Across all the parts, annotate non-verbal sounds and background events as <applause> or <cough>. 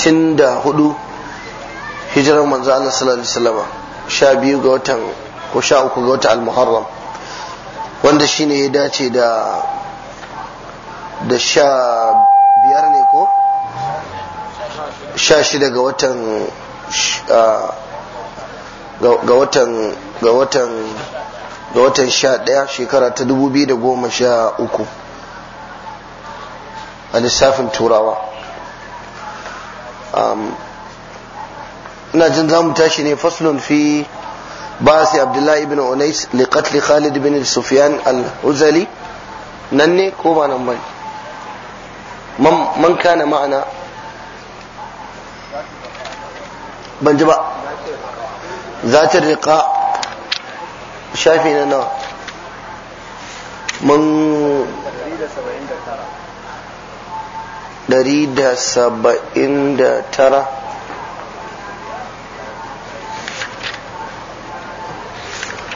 34 hijirar manzo Allah sallallahu alaihi wasallam 12 ga watan ko 13 ga watan al-Muharram wanda shine ya dace da da sha biyar ne ko sha shida ga watan ah, ga watan ga watan ga watan sha daya shekara ta dubu biyu da goma sha uku a lissafin turawa Um, ina jin za mu tashi ne faslun fi basi abdullahi ibn unais li khalid bin sufyan al-huzali nan ne ko ba nan bai man kana ma'ana ban ji ba zatar riƙa shafi na nawa man 179 ɗari da saba'in da tara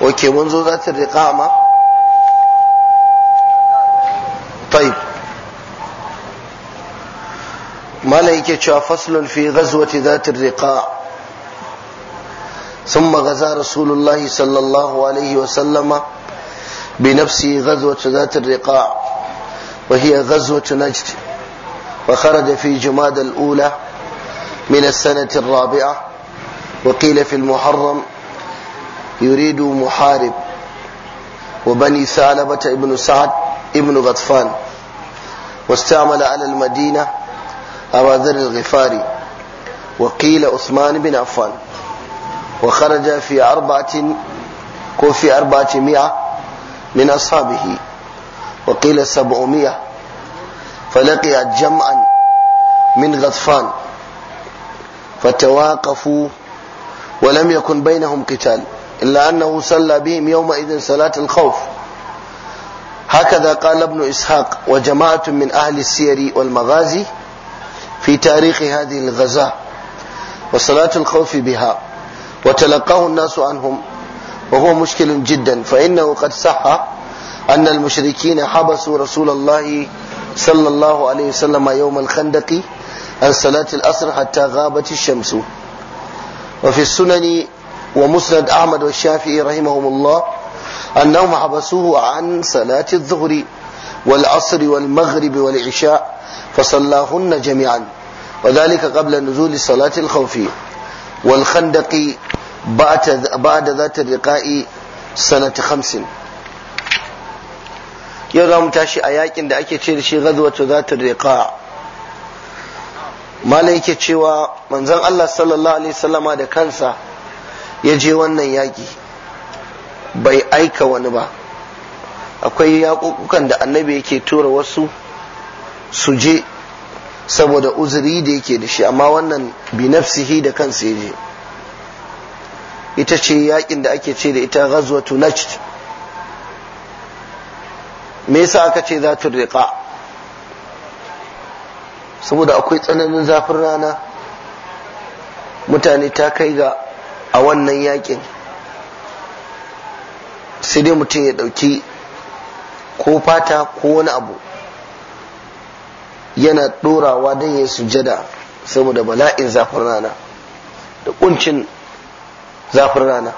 ok mun zo za riƙa ma? taib malai ke cewa faslun fi gazuwati riƙa sun magaza rasulullah sallallahu alaihi wasallama bi nafsi gazuwata za ta riƙa wahiyar gazuwata na وخرج في جماد الأولى من السنة الرابعة وقيل في المحرم يريد محارب وبني ثعلبة ابن سعد ابن غطفان واستعمل على المدينة أبا ذر الغفاري وقيل عثمان بن عفان وخرج في أربعة وفي أربعة مئة من أصحابه وقيل سبعمائة فلقي جمعا من غطفان فتواقفوا ولم يكن بينهم قتال إلا أنه صلى بهم يومئذ صلاة الخوف هكذا قال ابن إسحاق وجماعة من أهل السير والمغازي في تاريخ هذه الغزاة وصلاة الخوف بها وتلقاه الناس عنهم وهو مشكل جدا فإنه قد صح أن المشركين حبسوا رسول الله صلى الله عليه وسلم يوم الخندق عن صلاة الأصر حتى غابت الشمس وفي السنن ومسند أحمد والشافعي رحمهم الله أنهم حبسوه عن صلاة الظهر والعصر والمغرب والعشاء فصلاهن جميعا وذلك قبل نزول صلاة الخوف والخندق بعد ذات الرقاء سنة خمس yau za mu tashi a yakin da ake ce da shi za ta riqa malam yake cewa manzon Allah sallallahu alaihi wasallama da kansa ya je wannan yaki bai aika wani ba akwai yakukukan da annabi yake tura wasu su je saboda uzuri da yake da shi amma wannan bi nafsihi da kansa ya je ita ce yakin da ake ce da ita ghazwatu najd me yasa aka ce za ta riƙa saboda akwai tsananin zafin rana mutane ta kai ga a wannan yakin sai dai mutum ya ɗauki ko fata ko wani abu yana ɗorawa don ya sujada saboda bala'in zafin rana da ƙuncin zafin rana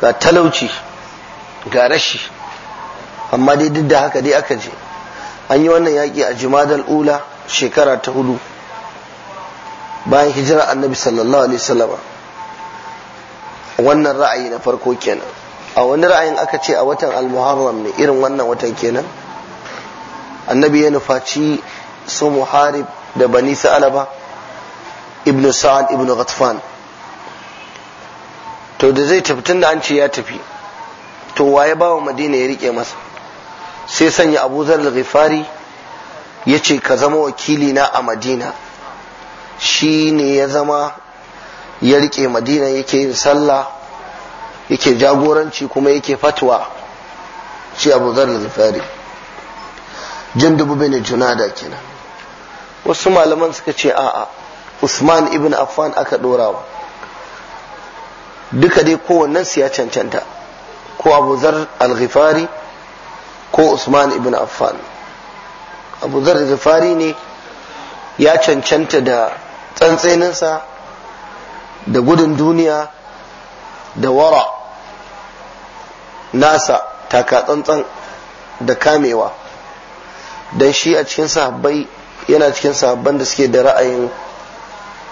ga talauci ga rashi amma dai duk da haka dai aka je an yi wannan yaƙi a jimadal ula shekara ta hudu bayan hijira annabi sallallahu alaihi wasallama wannan ra'ayi na farko kenan a wani ra'ayin aka ce a watan al-muharram ne irin wannan watan kenan annabi ya nufaci su muharib da bani sa'alaba Ibn sa'ad Ibn ghatfan to da zai tafi tun da an ce ya tafi to wa waye bawa madina ya rike masa sai sanya abu zar ghifari ya ce ka zama wakili na a madina shi ne ya zama ya rike madina yake yin sallah yake jagoranci kuma yake fatwa shi abu dubu ghifari jandubu bin junada kenan wasu malaman suka ce a'a usman ibn affan aka dorawa duka dai kowannen su ya cancanta ko abu zar al ko usman ibn affan abu zar al ne ya cancanta da tsantseninsa da gudun duniya da wara nasa taka tsantsan da kamewa don shi a cikin sahabbai yana cikin sahabban da suke da ra'ayin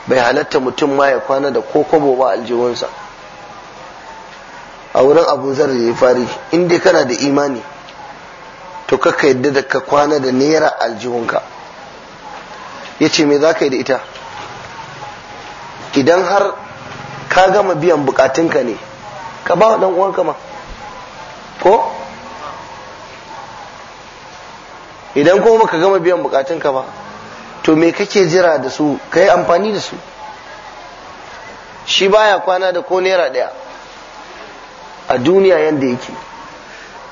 bai halatta mutum ma ya kwana da ko kwabo ba aljihunsa a wurin abu zar ya fari in dai kana da imani to kaka yadda da ka kwana da naira aljihunka ya ce me za ka yi da ita idan har ka gama biyan bukatunka ne ka ba wa uwanka ma ko idan kuma baka gama biyan bukatunka ba to me kake jira da su ka yi amfani da su shi baya kwana da ko naira ɗaya a duniya yadda yake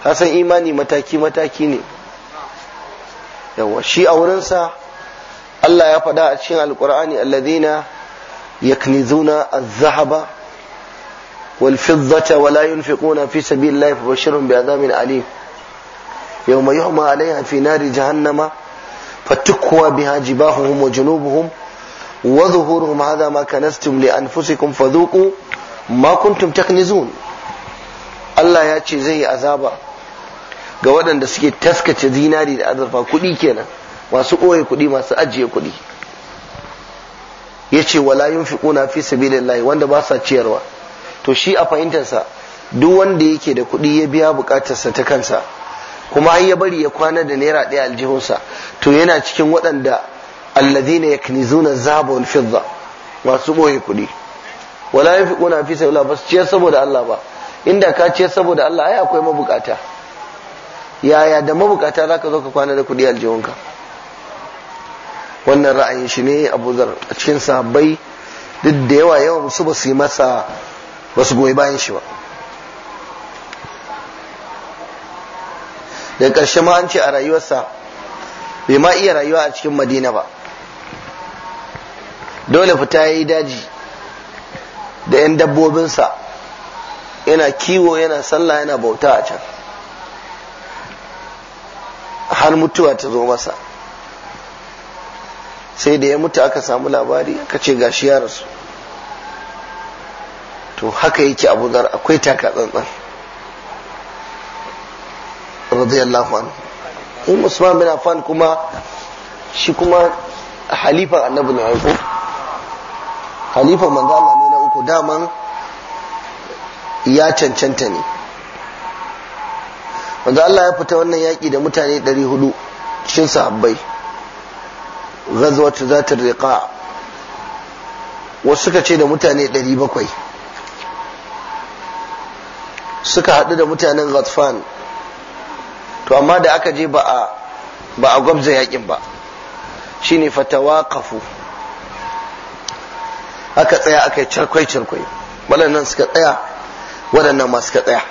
hasan imani mataki-mataki ne yawa shi a wurinsa Allah ya faɗa a cikin alkur'ani ya yaknizuna a zahaba wal fiddata wa la yunfiquna fi sabilillahi fabashshirhum bi'adabin alim yawma yuhma 'alayha fi nari jahannama fatukwa biha jibahuhum wa junubuhum wa dhuhuruhum hadha ma kanastum li anfusikum fadhuqu ma kuntum taknizun Allah ya ce zai yi azaba ga waɗanda suke taskace zinari da azurfa kuɗi kenan masu ɓoye kuɗi masu ajiye kuɗi ya ce wala yin fiƙuna fi layi, wanda ba sa ciyarwa to shi a fahimtarsa duk wanda yake da kuɗi ya biya buƙatarsa ta kansa kuma har ya bari ya kwana da naira ɗaya aljihunsa to yana cikin waɗanda allazina yaknizuna zaba wal fidda masu ɓoye kuɗi wala yin fiƙuna fi layi ba su ciyar saboda Allah ba inda ka ce saboda Allah ai akwai mabukata yaya da mabukata ka zo ka kwana da kudi aljihunka wannan ra'ayin shi ne Abu Zar a cikin sahabbai duk da yawa yawan su ba su yi masa ba su goyi bayan shi ba da ƙarshe ma an ce a rayuwarsa bai ma iya rayuwa a cikin madina ba dole fita ya yi daji da 'yan dabbobinsa yana kiwo yana sallah yana bauta a can har mutuwa ta zo masa sai da ya mutu aka samu labari aka ce gashi ya rasu to haka yake abu zar akwai taka tsantsan radiyallahu anhu in umm usman bin affan kuma shi kuma halifan annabi na aiko halifan manzo Allah ne na uku daman ya cancanta ne wanda Allah ya fita wannan yaƙi da mutane 400 cikin sahabbai za ta riƙa wasu suka ce da mutane 700 suka haɗu da mutanen ghatfan to amma da aka je ba a ba gwabza yaƙin ba shine kafu aka tsaya aka yi cirkwai cirkwai nan suka tsaya waɗannan masu ka tsaya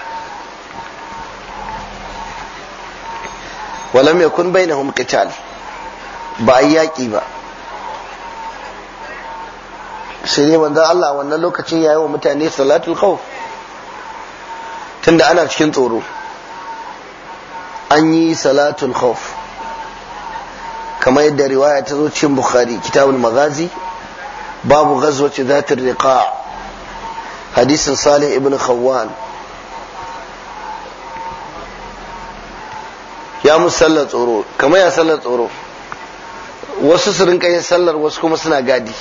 walam yakun na qital ba a yaƙi ba sai ne wanzan Allah wannan lokacin yi wa mutane salatul khawf tunda ana cikin tsoro an yi salatul khawf kamar yadda riwaya ta zo cikin bukhari kitabul magazi babu ghazwati zatir riqa hadisin salih ibn khawwan ya musu sallar tsoro يا ya sallar wasu su rinka yin sallar wasu kuma suna gadi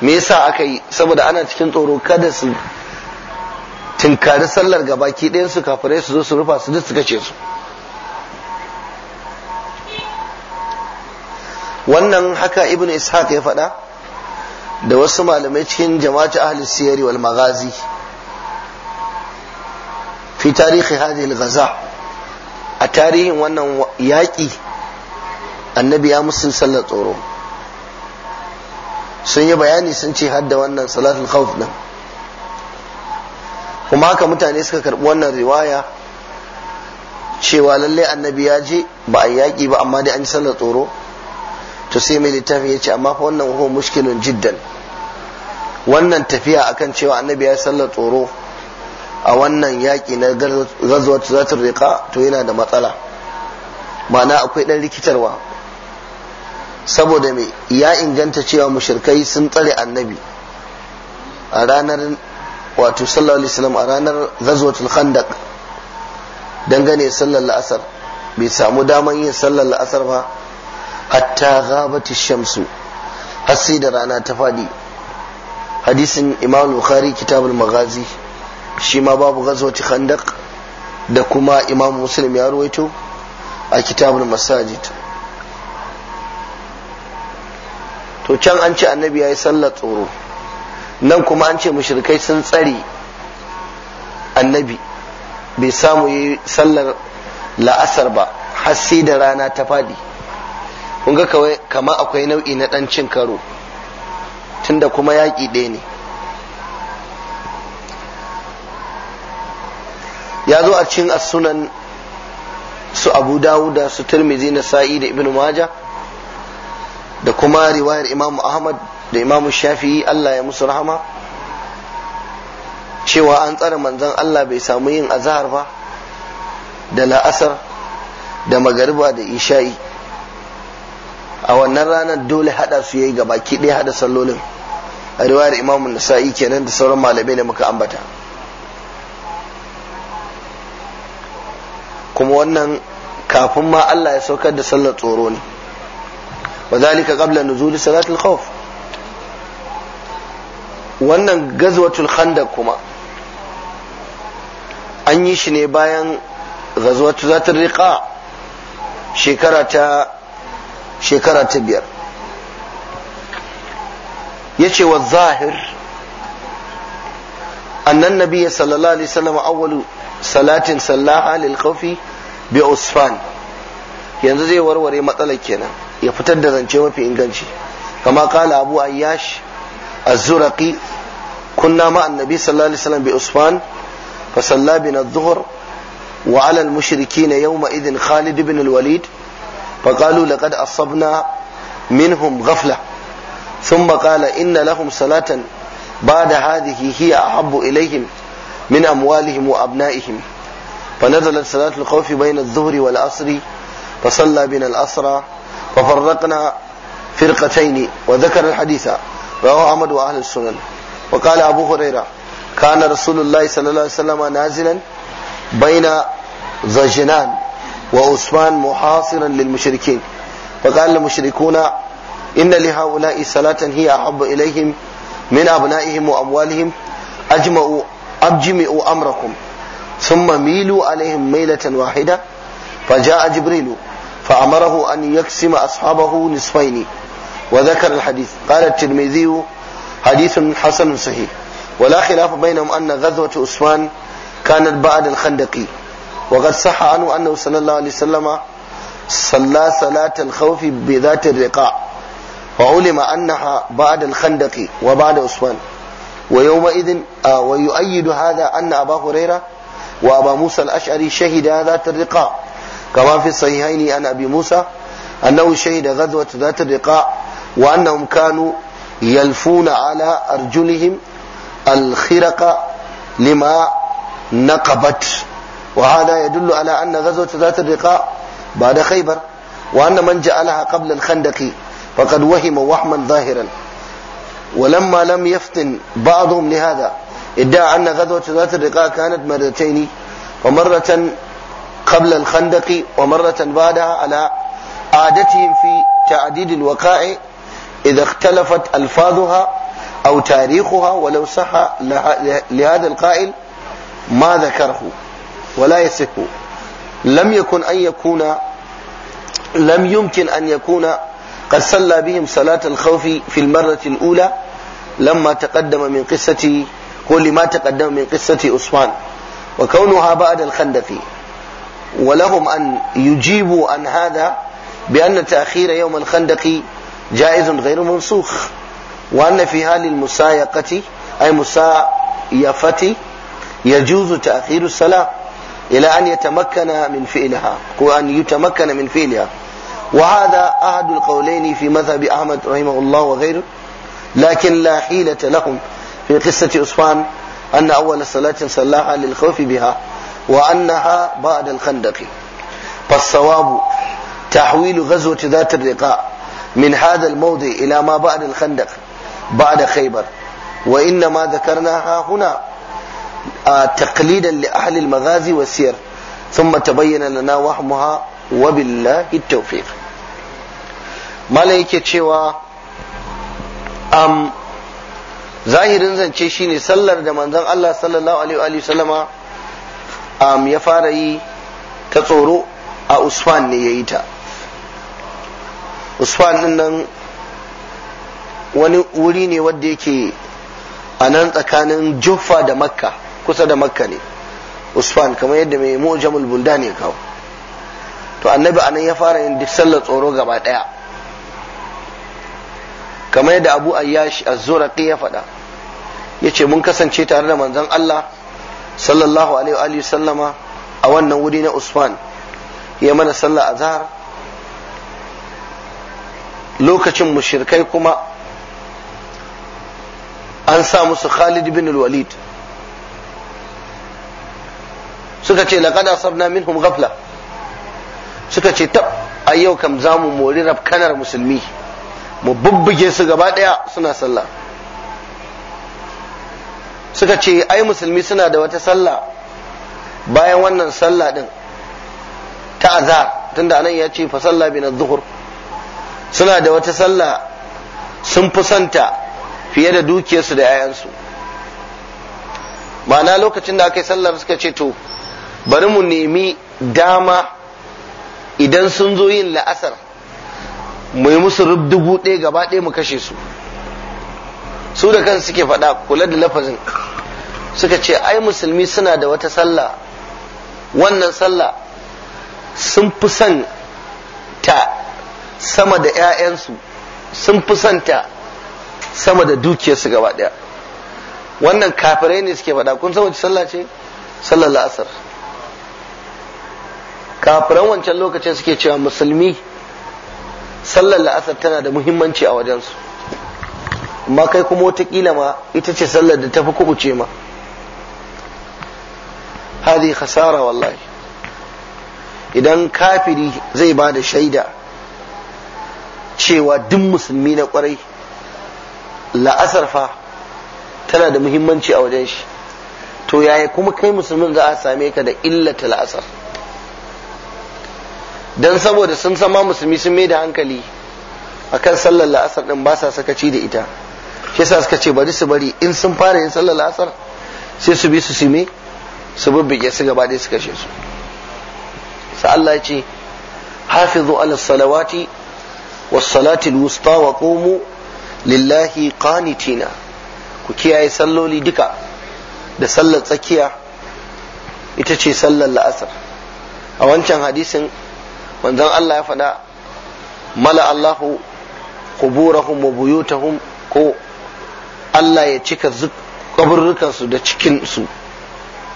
me yasa aka yi saboda ana cikin tsoro kada su tinkari sallar gabaki ɗayan su kafirai su zo su rufa su duk su kace su wannan haka ibn ishaq ya faɗa da wasu malamai cikin jama'atu ahli siyari wal maghazi fi tarihi hadhihi al-ghaza a tarihin wannan yaƙi annabi ya musu sallar tsoro sun yi bayani sun ce hadda wannan salatul khawf din kuma haka mutane suka karɓi wannan riwaya cewa lallai annabi ya je ba a yaƙi ba amma dai an yi sallar tsoro to sai mai littafin ya ce amma fa wannan huwa mushkilun jiddan wannan tafiya akan cewa annabi ya salla tsoro a wannan yaƙi na gazuwar zatar riƙa to yana da matsala ma'ana akwai ɗan rikitarwa saboda me ya inganta cewa mushirkai sun tsare annabi a ranar wato sallallahu alaihi wasallam a ranar ghazwatul khandaq dangane sallar la'asar bai samu daman yin sallar la'asar ba hatta ghabati shamsu har sai da rana ta fadi hadisin imam bukhari kitabul magazi shi ma babu ghazwati khandaq da kuma imam muslim ya ruwaito a al masajid to can an ce annabi ya yi sallar tsoro nan kuma an ce mushrikai sun tsare annabi bai samu yi sallar la'asar ba har sai da rana ta faɗi kun ga kawai kama akwai nau'i na ɗan cin karo tunda kuma yaƙi ɗaya ne ya zo a cikin asunan su abu dawuda su tirmizi na sa'i da ibn maja da kuma riwayar imamu ahmad da imamu shafi'i allah ya musu rahama cewa an tsare manzon allah bai samu yin azahar ba da la'asar da magariba da isha'i a wannan ranar dole hada su yayi gabaki ɗaya hada sallolin a riwayar imamun nasa'i kenan da sauran malamai da muka ambata kuma wannan kafin ma Allah ya saukar da sallar tsoro ne wa zalika qabla nuzuli salatul khawf wannan gazwatul khandaq kuma an yi shi ne bayan gazwatu zatul riqa shekara ta shekara ta biyar yace wa zahir annan nabiyyi sallallahu alaihi wasallam awwalu salatin sallaha lil khawfi bi usfan yanzu zai warware matsalar kenan ya fitar da zance mafi inganci kama kala abu ayyash az-zuraqi kunna ma annabi sallallahu alaihi wasallam bi usfan fa salla bina adh-dhuhr wa 'ala al-mushrikeena yawma idhin khalid ibn al-walid فقالوا لقد asabna minhum غفلة ثم قال إن لهم صلاة بعد هذه هي أحب إليهم من أموالهم وأبنائهم فنزلت صلاة الخوف بين الظهر والعصر فصلى بنا الأسرى وفرقنا فرقتين وذكر الحديث رواه أحمد وأهل السنن وقال أبو هريرة كان رسول الله صلى الله عليه وسلم نازلا بين زجنان وعثمان محاصرا للمشركين فقال المشركون inna li haula'i salatan hiya ahabbu ilaihim min abna'ihim wa amwalihim ajma'u abjimi'u amrakum thumma milu alaihim mailatan wahida فجاء جبريل فأمره أن يقسم أصحابه نصفين وذكر الحديث قال الترمذي حديث حسن صحيح ولا خلاف بينهم أن غزوة عثمان كانت بعد الخندق وقد صح عنه أنه صلى الله عليه وسلم صلى صلاة الخوف بذات الرقاع فعلم أنها بعد الخندق وبعد عثمان ويومئذ ويؤيد هذا أن أبا هريرة وأبا موسى الأشعري شهدا ذات الرقاع كما في الصحيحين عن أبي موسى أنه شهد غزوة ذات الرقاع وأنهم كانوا يلفون على أرجلهم الخرق لما نقبت وهذا يدل على أن غزوة ذات الرقاع بعد خيبر وأن من جعلها قبل الخندق فقد وهم وهما ظاهرا ولما لم يفتن بعضهم لهذا ادعى أن غزوة ذات الرقاع كانت مرتين ومرة قبل الخندق ومرة بعدها على عادتهم في تعديد الوقائع إذا اختلفت ألفاظها أو تاريخها ولو صح لهذا القائل ما ذكره ولا يصح لم يكن أن يكون لم يمكن أن يكون قد صلى بهم صلاة الخوف في المرة الأولى لما تقدم من قصة كل ما تقدم من قصة أسوان وكونها بعد الخندق ولهم أن يجيبوا عن هذا بأن تأخير يوم الخندق جائز غير منسوخ وأن في حال المسايقة أي مسايفة يجوز تأخير الصلاة إلى أن يتمكن من فعلها وأن يتمكن من فعلها وهذا أحد القولين في مذهب أحمد رحمه الله وغيره لكن لا حيلة لهم في قصة أصفان أن أول صلاة صلاها للخوف بها وأنها بعد الخندق فالصواب تحويل غزوة ذات الرقاع من هذا الموضع إلى ما بعد الخندق بعد خيبر وإنما ذكرناها هنا آه، تقليدا لأهل المغازي والسير ثم تبين لنا وهمها وبالله التوفيق malam yake cewa am zahirin zance shine sallar da manzon Allah sallallahu alaihi wa sallama am ya fara yi ta tsoro a Usman ne ya yi ta Usman din nan wani wuri ne wanda yake a nan tsakanin Juffa da Makka kusa da Makka ne Usman kamar yadda mai mujamul bulda ne kawo to annabi anan ya fara yin duk sallar tsoro gaba daya kamar yadda abu ayyashi az-zuraqi ya faɗa yace mun kasance tare da manzon Allah sallallahu alaihi wa sallama a wannan wuri na Usman ya mana sallah azhar lokacin mushrikai kuma an sa musu Khalid bin al-Walid suka ce laqad asabna minhum ghafla suka ce tab ayyau kam zamu mori rafkanar musulmi mu bubbuge su gaba ɗaya suna sallah suka ce ai musulmi suna da wata sallah bayan wannan sallah din ta azhar tunda anan ya ce fa sallah bin zuhur suna da wata sallah sun fi santa fiye da dukiyarsu da 'ya'yansu ma'ana lokacin da aka yi sallar suka ce to bari mu nemi dama idan sun zo yin la'asar mu yi musu rub dubu ɗaya gaba ɗaya mu kashe su su da kan suke faɗa kula da lafazin suka ce ai musulmi suna da wata sallah wannan sallah sun fi son ta sama da 'ya'yansu sun fi son ta sama da dukiyarsu gaba ɗaya wannan kafirai ne suke faɗa kun san wace sallah ce sallar la'asar kafiran wancan lokacin suke cewa musulmi sallar la'asar tana da muhimmanci a wajensu amma kai kuma wata kila ma ita ce sallar da tafi kubuce ma hadi khasara wallahi idan kafiri zai ba da shaida cewa duk musulmi na kwarai la'asar fa tana da muhimmanci a wajen shi to yaya kuma kai musulmin za a same ka da illata la'asar don saboda sun sama musulmi sun mai da hankali A kan sallar la'asar ɗin ba sa sakaci da ita shi yasa suka ce bari su bari in sun fara yin sallar la'asar sai su bi su sime su bubbuge su gaba ɗaya su kashe su sa Allah ya ce hafizu ala salawati wa salati wusta wa qumu lillahi qanitina ku kiyaye salloli duka da sallar tsakiya ita ce sallar la'asar a wancan hadisin manzon Allah ya faɗa mala Allahu kuburahum wa buyutahum ko Allah ya cika kaburrukansu da cikin su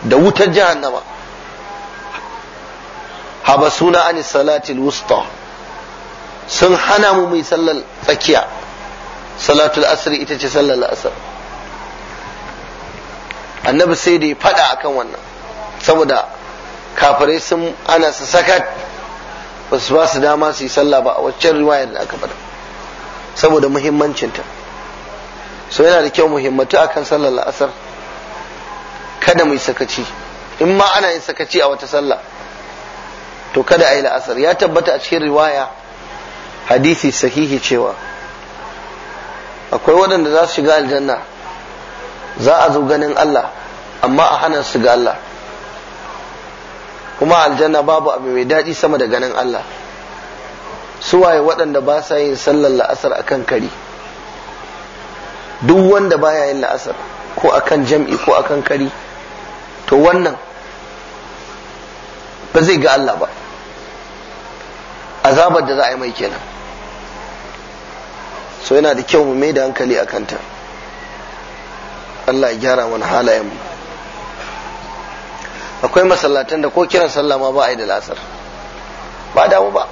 da wutar jahannama suna an salatil wusta sun hana mu mai sallar tsakiya salatul asr ita ce sallar asr annabi sai da ya faɗa akan wannan saboda kafirai sun ana su sakat ba su ba su dama su yi sallah ba a waccan riwayar da aka faɗa saboda muhimmancinta so yana da kyau muhimmatu akan sallar la'asar kada mu yi sakaci in ma ana yin sakaci a wata sallah to kada a yi la'asar ya tabbata a cikin riwaya hadisi sahihi cewa akwai waɗanda za su shiga aljanna za a zo ganin Allah amma a hana su ga Allah kuma aljanna babu abu mai daɗi sama da ganin Allah suwaye waɗanda ba sa yin sallar la'asar akan kari duk wanda baya yin la'asar ko akan jam'i ko akan kari to wannan ba zai ga Allah ba azabar da za a yi mai kenan so yana da kyau mu mai da hankali a kanta Allah ya gyara wani halayen mu akwai masallatan da ko kiran sallah ma ba a yi da lasar ba damu ba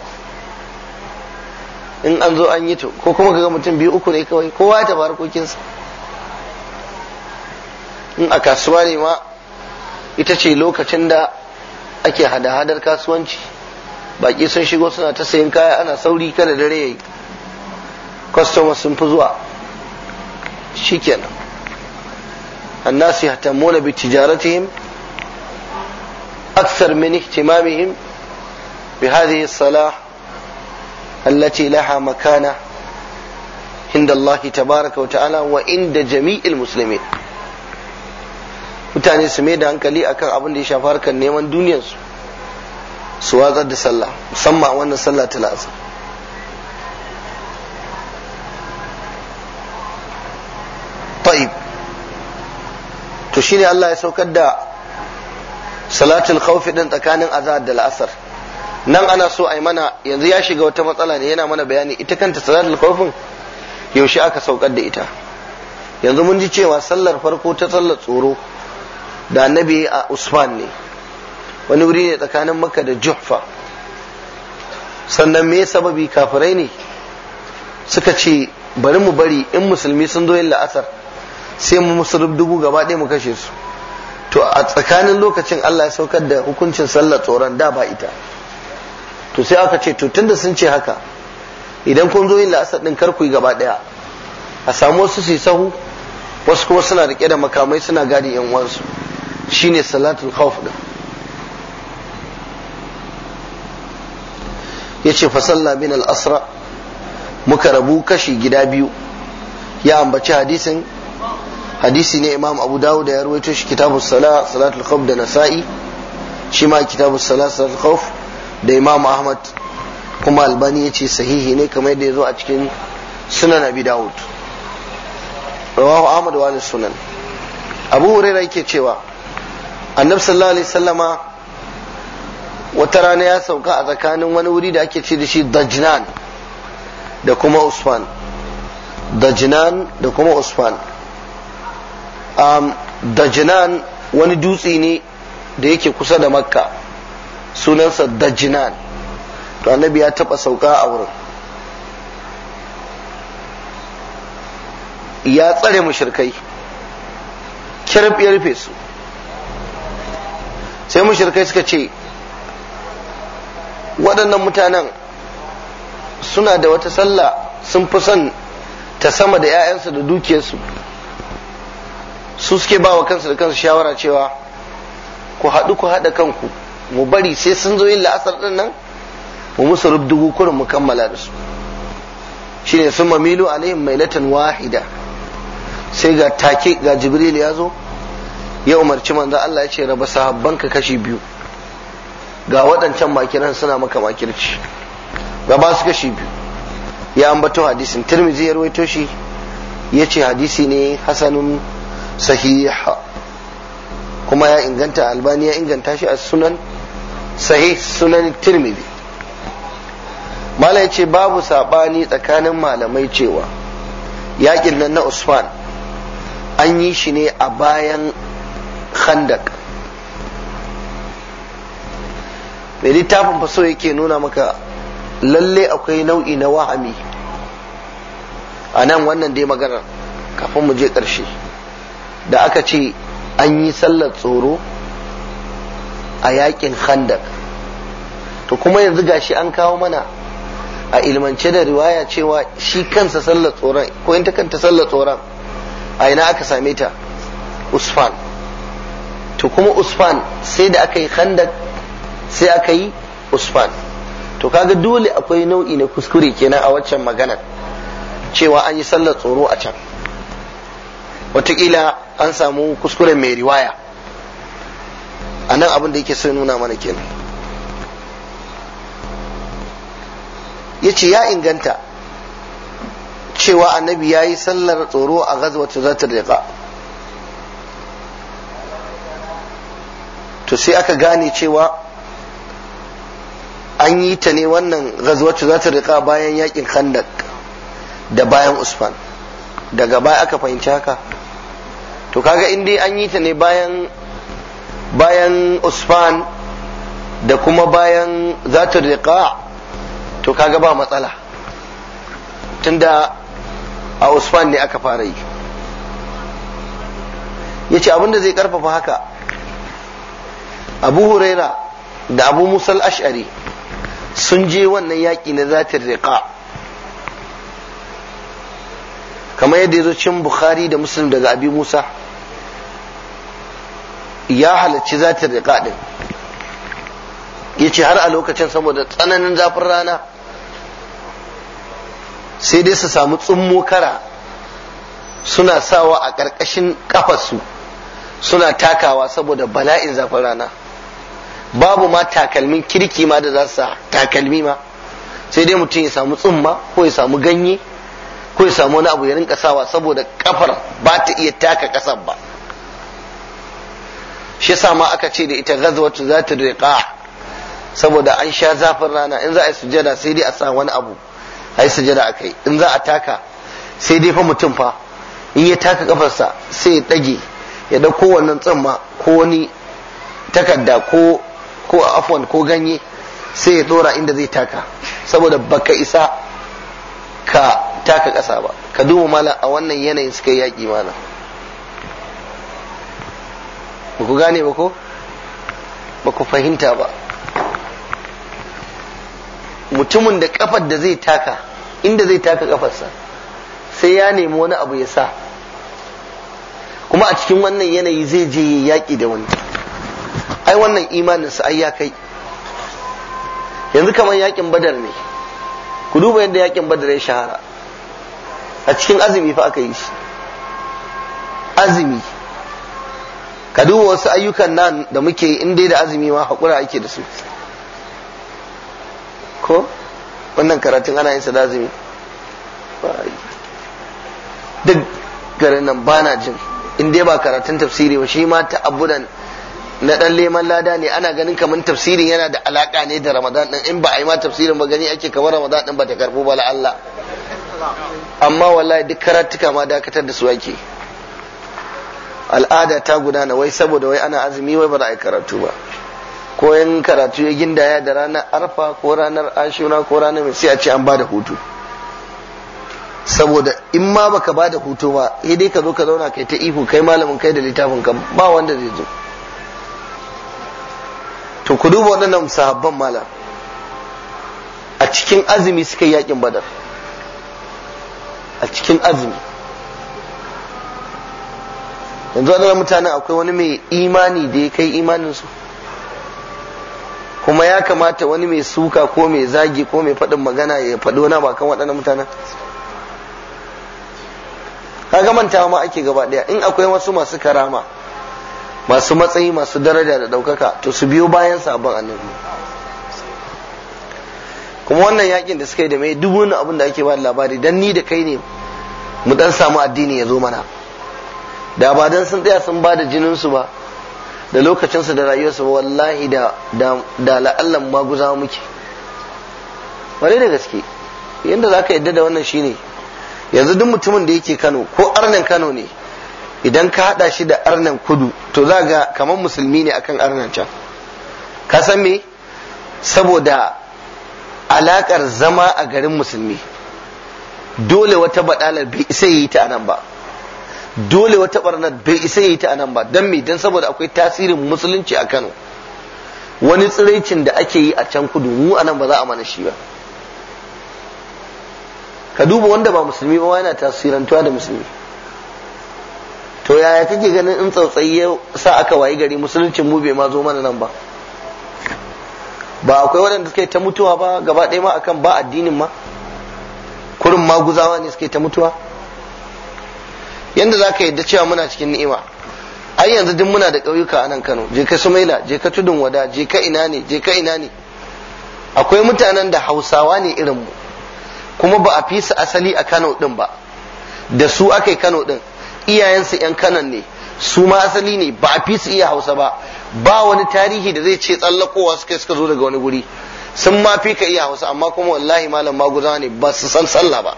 in an zo an yi to ko kuma kaga mutum biyu uku ne kawai kowa ya tafi harkokinsa in a kasuwa ne ma ita ce lokacin da ake hada-hadar kasuwanci baki sun shigo suna ta sayin kaya ana sauri kada dare yayi customer sun fi zuwa shikenan annasi hatamuna bi tijaratihim أكثر من اهتمامهم بهذه الصلاة التي لها مكانة عند الله تبارك وتعالى وعند جميع المسلمين mutane su mai da hankali akan abin da ya shafi harkar neman duniyarsu su watsar da sallah musamman wannan sallah ta la'asar ta'ib to shine Allah ya saukar da salatul khawfi din tsakanin azhar da la'asar nan ana so a yi mana yanzu ya shiga wata matsala ne yana mana bayani ita kanta salatul khawfin yaushe aka saukar da ita yanzu mun ji cewa sallar farko ta sallar tsoro da annabi a usman ne wani wuri ne tsakanin makka da juhfa sannan me sababi kafirai ne suka ce bari mu bari in musulmi sun zo yin la'asar sai mu musulub dubu gaba ɗaya mu kashe su to a tsakanin lokacin Allah ya saukar da hukuncin sallar tsoron da ba ita to sai aka ce to tunda sun ce haka idan kun zo yin la'asar din kar ku yi gaba daya a samu wasu su sahu wasu kuma suna rike da makamai suna gadi yan uwansu shine salatul khawf din yace fa salla bin al asra muka rabu kashi gida biyu ya ambaci hadisin hadisi ne imam abu da ya ruwaito shi kitabu sala salatul khawf da nasa'i shi ma kitabu sala salatul khawf da imam ahmad kuma albani ya ce sahihi ne kamar yadda ya zo a cikin sunan abi dawud rawahu ahmad wa sunan abu huraira yake cewa annab sallallahu alaihi sallama wata rana ya sauka a tsakanin wani wuri da ake ce da shi dajnan da kuma usman dajnan da kuma usman Um, dajinan wani dutse ne da yake kusa da makka sunansa dajinan to annabi ya taba sauka a wurin ya tsare mushrikai kirf ya rufe su sai mushirkai suka ce waɗannan mutanen suna da wata sallah sun fi son ta sama da 'ya'yansu da dukiyarsu su suke ba wa kansu da kansu shawara cewa ku haɗu ku haɗa kanku mu bari sai sun zo yin la'asar ɗin nan mu musu rubdugu kurin mu kammala da su shine sun mamilu mai mailatan wahida sai ga take ga jibril ya zo ya umarci manzo Allah ya ce raba sahabbanka kashi biyu ga waɗancan makiran suna maka makirci ba su kashi biyu ya ambato hadisin tirmizi ya rawaito shi ya ce hadisi ne hasanun sahiha kuma ya inganta albani ya inganta shi a sunan sunan tirmidhi mala ya ce babu saɓani tsakanin malamai cewa yakin nan na usman an yi shi ne a bayan khandak mai littafin faso yake nuna maka lalle akwai nau'i na wahami a nan wannan dai maganar kafin mu je ƙarshe da aka ce an yi sallar tsoro a yakin handak, to kuma yanzu gashi an kawo mana a ilmance da riwaya cewa shi kansa sallar tsoron ko in ta sallar tsoron a ina aka same ta usfan to kuma usfan sai da aka yi khandak sai aka yi usfan to kaga dole akwai nau'i na kuskure kenan a waccan maganar cewa an yi sallar tsoro a can watakila an samu kuskuren mai riwaya a nan abin da yake so nuna mana kenan ya ce ya inganta cewa annabi ya yi sallar tsoro a gazwata za ta riƙa to sai aka gane cewa an yi ta ne wannan gazwata za ta riƙa bayan yakin khandak da bayan usman daga baya aka fahimci haka to kaga in dai an yi ta ne bayan bayan usfan da kuma bayan zatar riƙa to kaga ba matsala tunda a usfan ne aka fara yi ya ce abinda zai ƙarfafa haka abu huraira da abu musal ash'ari sun je wannan yaƙi na zatar riƙa. kamar yadda ya zo cin bukhari da muslim daga abi musa ya halarci zatin riƙa ɗin ya ce har a lokacin saboda tsananin zafin rana sai dai su samu tsummo kara suna sawa a ƙarƙashin ƙafarsu suna takawa saboda bala'in zafin rana babu ma takalmin kirki ma da za su sa takalmi ma sai dai mutum ya samu tsumma ko ya samu ganye ko ya samu wani abu ya rinka sawa saboda ƙafar ba ta iya taka ƙasar ba shi yasa ma aka ce da ita ghazwatu zatu riqa saboda an sha zafin rana in za a yi sujada sai dai a sa wani abu a yi sujada akai in za a taka sai dai fa mutum fa in ya taka kafarsa sai ya dage ya da wannan tsamma ko wani takarda ko ko afwan ko ganye sai ya dora inda zai taka saboda baka isa ka taka ƙasa ba ka duba mala a wannan yanayin suka yi yaƙi mana ba ku gane ba ko ba ku fahimta ba mutumin da kafar da zai taka inda zai taka kafarsa sai ya nemi wani abu ya sa kuma a cikin wannan yanayi zai je yaƙi da wani ai wannan imaninsa ai ya kai yanzu kamar yaƙin badar ne ku duba yadda yaƙin badar ya shahara a cikin azumi fa aka yi shi azumi ka duba wasu ayyukan nan da muke yi dai da azumi ma haƙura ake da su ko wannan karatun ana yin sa da azumi duk garin nan bana jin in dai ba karatun tafsiri ba shi ma ta'abbudan na dan leman lada ne ana ganin kamar tafsirin yana da alaka ne da ramadan din in ba a yi ma tafsirin ba gani ake kamar ramadan din ba ta karbo ba la amma wallahi duk karatuka ma dakatar da su ake al'ada ta gudana wai saboda wai ana azumi wai ba za yi karatu ba ko yin karatu ya gindaya da ranar arfa ko ranar ashura ko ranar mai sai a ce an bada hutu saboda in ma baka bada hutu ba sai dai ka zo ka zauna kai ta ihu kai malamin kai da littafin ka ba wanda zai zo to ku duba waɗannan sahabban malam a cikin azumi suka yi yakin badar a cikin azumi yanzu waɗannan mutanen akwai wani mai imani da ya kai imaninsu kuma ya kamata wani mai suka ko mai zagi ko mai faɗin magana ya faɗo na ba kan waɗannan mutanen kaga manta ma ake gaba ɗaya in akwai wasu masu karama masu matsayi masu daraja da ɗaukaka to su biyo bayan sabon annabi kuma wannan yakin da suka yi da mai duk wani abin da ake ba labari dan ni da kai ne mu dan samu addini ya zo mana da ba don sun tsaya sun ba da jininsu ba da lokacinsu da rayuwarsu ba wallahi da da la'allan guza muke ware da gaske yadda za ka yadda da wannan shine yanzu duk mutumin da yake kano ko arnan kano ne idan ka haɗa shi da arnan kudu to za ga kamar musulmi ne akan arnan can ka san me saboda alakar zama a garin musulmi dole wata baɗalar sai yi ta anan ba dole wata barnar bai isa yi ta anan ba don me don saboda akwai tasirin musulunci a Kano wani tsiraicin da ake yi a can kudu mu a nan ba za a mana shi ba ka duba wanda ba musulmi ba yana tasirantuwa da musulmi to yaya kake ganin in tsautsayi ya sa aka wayi gari musuluncin mu bai ma zo mana nan ba ba akwai waɗanda suke ta mutuwa ba gaba ɗaya ma akan ba addinin ma kurin maguzawa ne suke ta mutuwa yanda za ka yadda cewa muna cikin ni'ima ai yanzu duk muna da ƙauyuka a nan Kano je ka Sumaila je ka Tudun Wada je ka ina ne je ka ina ne akwai mutanen da Hausawa ne irin mu kuma ba a fi su asali a Kano din ba da su aka yi Kano din iyayensu yan Kano ne su ma asali ne ba a fi su iya Hausa ba ba wani tarihi da zai ce tsallakowa suka suka zo daga wani guri sun ma fi ka iya Hausa amma kuma wallahi malam maguza ne ba su san sallah ba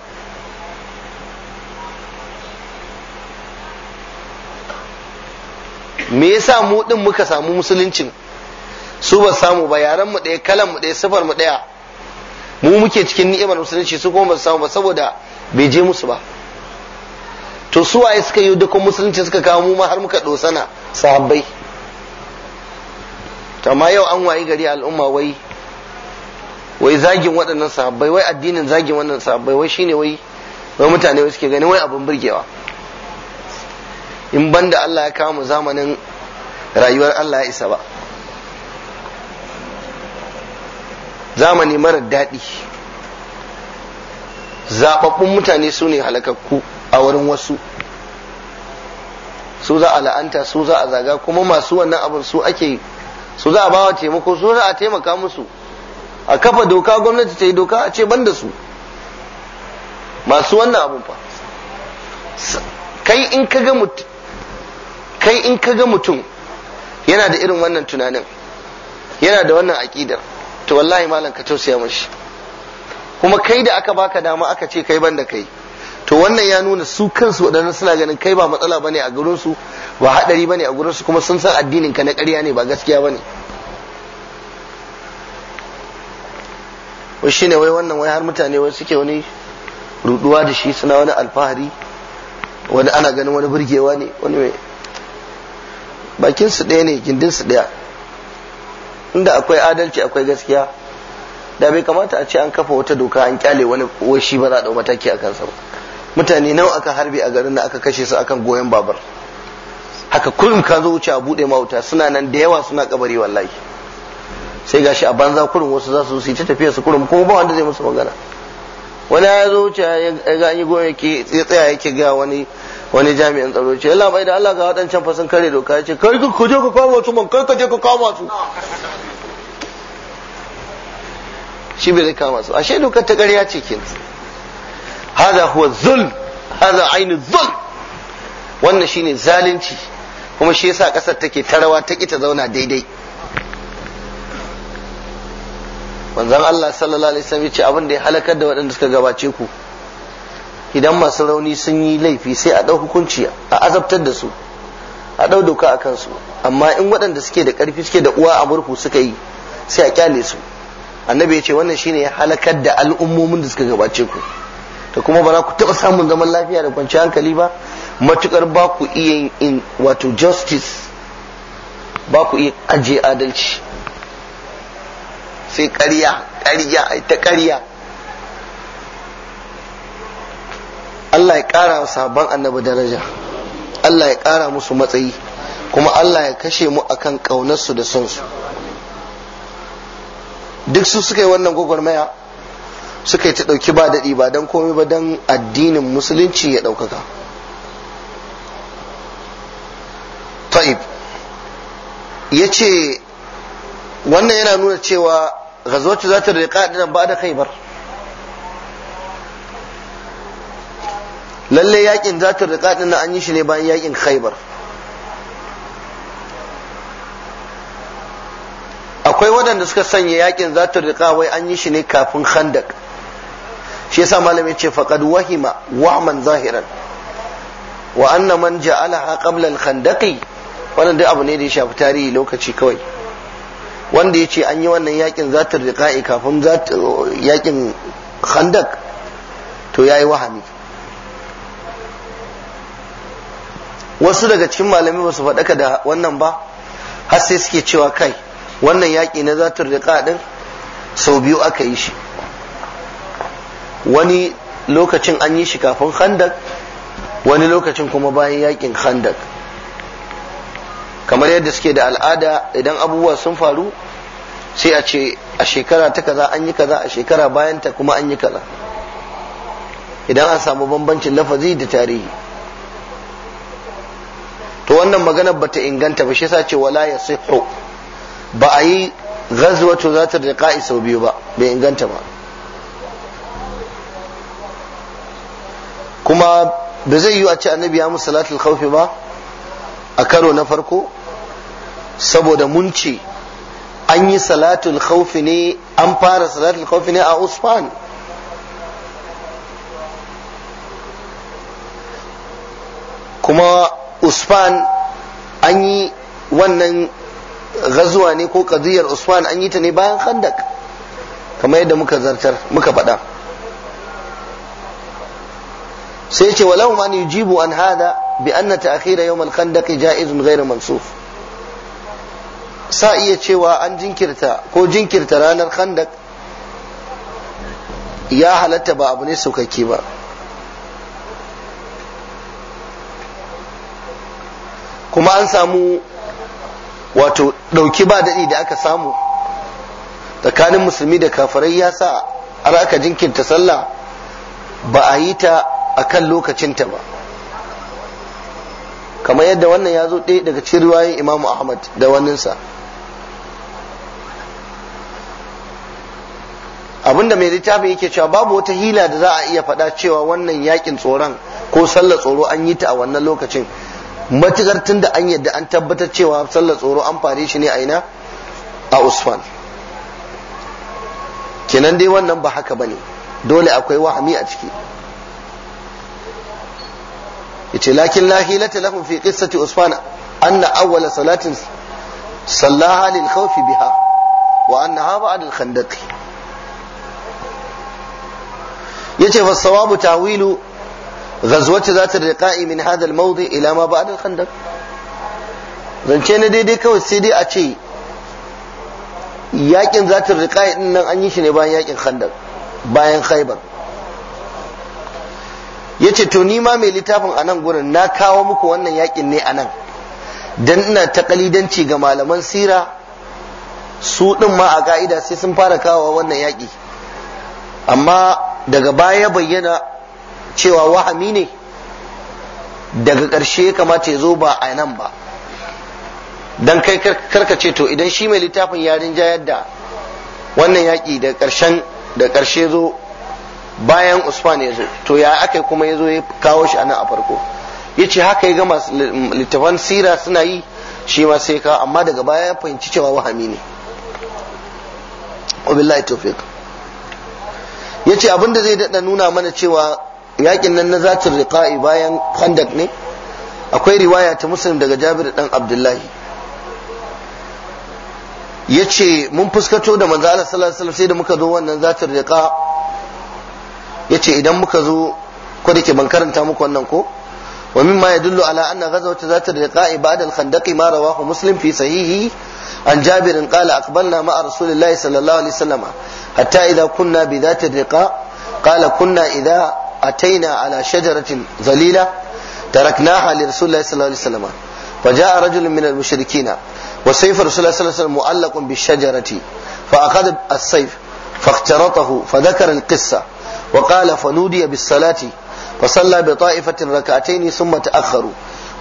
me yasa mu din muka samu musuluncin su ba samu ba yaran mu ɗaya kalan mu ɗaya sifar mu ɗaya mu muke cikin ni'imar musulunci su kuma ba samu ba saboda bai je musu ba to su waye suka yi dukkan musulunci suka kawo mu ma har muka dosana sahabbai amma yau an wayi gari al'umma wai wai zagin waɗannan sahabbai wai addinin zagin wannan sahabbai wai shine wai wai mutane wai suke gani wai abin burgewa in banda Allah ya kawo mu zamanin rayuwar Allah ya isa ba zamani mara daɗi zaɓaɓɓun mutane su ne halakakku a wurin wasu su za a la'anta su za a zaga kuma masu wannan abin su ake su za a bawa taimako su za a taimaka musu a kafa doka gwamnati ta yi doka a ce ban da su masu wannan abin fa kai in ka ga mutum kai in ka ga mutum yana da irin wannan tunanin yana da wannan aƙidar to wallahi malam ka tausaya mashi kuma kai da aka baka dama aka ce kai banda kai to wannan ya nuna su kansu waɗannan suna ganin kai ba matsala bane a gurin su ba haɗari bane a gurin su kuma sun san addinin ka na ƙarya ne ba gaskiya bane wai shine wai wannan wai har mutane wai suke wani ruduwa da shi suna wani alfahari wani ana ganin wani burgewa ne wani bakin su ɗaya ne gindin su ɗaya inda akwai adalci akwai gaskiya da bai kamata a ce an kafa wata doka an kyale wani washi ba za a mataki a kansa ba mutane nawa aka harbe a garin da aka kashe su akan goyon babar haka kurin ka zo wuce a buɗe mawuta suna nan da yawa suna kabari wallahi sai gashi a banza kurin wasu za su su ta tafiya su kurin kuma ba wanda zai musu magana wani ya zo wuce ya ga an yi goyon ya tsaya yake ga wani wani jami'in tsaro ce yalla bai da Allah ga waɗancan fa sun kare doka ce kai ku je ku kama su man kai ka je ka kama su shi bai zai kama su ashe doka ta ƙarya ce kin hada huwa zul hada ainu zul wannan shine zalunci kuma shi yasa ƙasar take tarawa ta ki ta zauna daidai manzon Allah sallallahu alaihi wasallam yace ce abin da ya halakar da waɗanda suka gabace ku idan masu rauni sun yi laifi sai a ɗau hukunci a azabtar da su a ɗau doka a kansu amma in waɗanda suke da ƙarfi suke da uwa a murhu suka yi sai a kyale su annabi ya ce wannan shine ya halakar da al'ummomin da suka gabace ku da kuma ba za ku taɓa samun zaman lafiya da kwanci hankali ba matuƙar ba ku iya in wato justice ba ku iya ajiye adalci sai ƙarya ƙarya ta ƙarya Allah ya ƙara wa sabon annabi daraja Allah ya ƙara musu matsayi kuma Allah ya kashe mu akan ƙaunarsu da sonsu duk su suka yi wannan gwagwarmaya suka yi ta ɗauki ba daɗi ba don komai ba don addinin musulunci ya ɗaukaka ta'ib ya ce wannan yana nuna cewa gazuwacce za ta da ɗinan ba da bar. Lallai yakin zatar riqa na an yi shi ne bayan yakin khaybar akwai waɗanda suka sanya yakin zatar riqa wai an yi shi ne kafin khandak shi yasa malami ce faqad wahima wahman zahiran wa anna man ja'alaha qabla al-khandaqi wannan duk abu ne da ya shafi tarihi lokaci kawai wanda ya ce an yi wannan yakin zatar riqa'i kafin yakin khandak to yayi wahami wasu daga cikin malami ba su faɗaka da wannan ba har sai suke cewa kai wannan yaƙi na zatar da ɗin sau biyu aka yi shi wani lokacin an yi shi kafin handak wani lokacin kuma bayan yaƙin handak kamar yadda suke da al'ada idan abubuwa sun faru sai a ce a shekara ta kaza an yi kaza a shekara bayan kuma an yi kaza idan an samu bambancin lafazi da tarihi to wannan magana bata inganta ba shi ce wala yasihhu ba a yi za ta riqa'i sau biyu ba bai inganta ba kuma ba zai yi a ce annabi ya musu salatul khawfi ba a karo na farko saboda mun ce an yi salatul khawfi ne an fara salatul khawfi ne a Usman kuma usman an yi wannan gazuwa ne ko kadiyar usman an yi ta ne bayan khandak kamar yadda muka zartar muka faɗa sai ce walau ma ne yujibu an hada bi anna ta'khira yawm al-khandaq ja'izun ghayr mansuf sa iya cewa an jinkirta ko jinkirta ranar khandak ya halatta ba abu ne saukakke ba kuma an samu wato ɗauki ba daɗi da aka samu tsakanin musulmi da kafirai ya sa ara aka jinkirta sallah ba a yi ta a kan lokacinta ba kamar yadda wannan ya zo ɗaya daga cikin riwayoyin imamu ahmad da waninsa abinda mai littafin yake cewa babu wata hila da za a iya faɗa cewa wannan yakin tsoron ko sallar tsoro an yi ta a wannan lokacin matukar tun da an yadda an tabbatar cewa sallar tsoro an fare shi ne a ina a usman kenan dai wannan ba haka bane dole akwai wahami a ciki yace lakin la hilata lahum fi qissati usman anna awwala salatin sallaha lil khawf biha wa annaha ba'd al khandaq yace fa sawabu tawilu ghazwatu zat riqa'i min hadha al-mawdi ila ma ba'da zance na daidai kawai sai dai a ce yakin zat riqa'i din nan an yi shi ne bayan yakin khandaq bayan Ya yace to ni ma mai littafin nan gurin na kawo muku wannan yakin ne nan. dan ina ta kalidanci ga malaman sira su ɗin ma a ka'ida sai sun fara kawo wannan yaki amma daga baya bayyana cewa wahami ne daga ƙarshe ya kamata ya zo ba a nan ba don kai ce to idan shi mai littafin ya rinjayar da wannan yaƙi da ƙarshen da ƙarshe zo bayan usman ya zo to ya aka kuma ya zo ya kawo shi a nan a farko ya ce haka ya gama littafan sira suna yi shi ma sai kawo amma daga baya ya fahimci cewa wahami ne wabillahi tawfiq ya ce abinda zai daɗa nuna mana cewa yakin nan na zatin riqa'i bayan khandak ne akwai riwaya ta muslim daga jabir dan abdullahi yace mun fuskato da manzo Allah sallallahu alaihi wasallam sai da muka zo wannan zatin riqa yace idan muka zo ko dake ban karanta muku wannan ko wa mimma yadullu ala anna ghazwat zatir riqa'i ba'da al-khandaqi ma rawahu muslim fi sahihi an jabirin. قال أقبلنا ma ma الله Sallallahu الله عليه وسلم kunna إذا كنا بذات الرقاء kunna كنا أتينا على شجرة ظليلة تركناها لرسول الله صلى الله عليه وسلم فجاء رجل من المشركين وسيف رسول الله صلى الله عليه وسلم معلق بالشجرة فأخذ السيف فاخترطه فذكر القصة وقال فنودي بالصلاة فصلى بطائفة ركعتين ثم تأخروا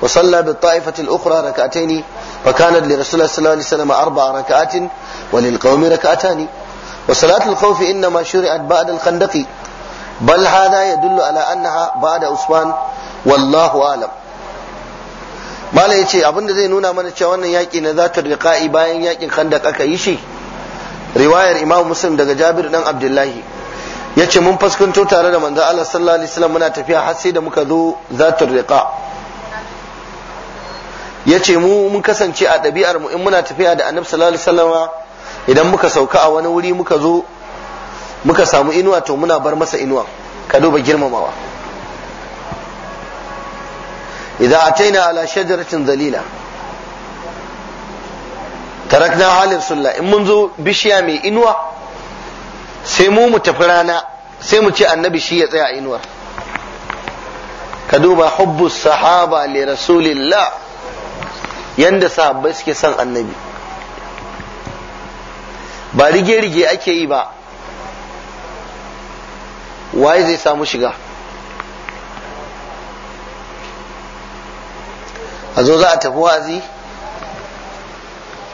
وصلى بالطائفة الأخرى ركعتين فكانت لرسول الله صلى الله عليه وسلم أربع ركعات وللقوم ركعتان وصلاة الخوف إنما شرعت بعد الخندق bal hada ya dullu انها بعد ba'da usman اعلم alam malai yace abinda zai nuna mana cewa wannan yaki na zatar riqa'i bayan yakin khandaq aka yi shi riwayar imam muslim daga jabir dan abdullahi yace mun fuskanto tare da manzo Allah sallallahu alaihi wasallam muna tafiya har sai da muka zo zatar riqa yace mu mun kasance a ɗabi'ar mu in muna tafiya da annabi sallallahu alaihi wasallam idan muka sauka a wani wuri muka zo muka samu inuwa to muna bar masa inuwa ka duba girmamawa idan ataina ala shajaratin zalila tarakna halin sulla in mun zo bishiya mai inuwa sai mu mu tafi rana sai mu ce annabi shi ya tsaya a inuwar ka duba hubbu sahaba li rasulillah yanda sahabbai suke son annabi ba rige-rige ake yi ba waye zai samu shiga a zo za a tafi wa'azi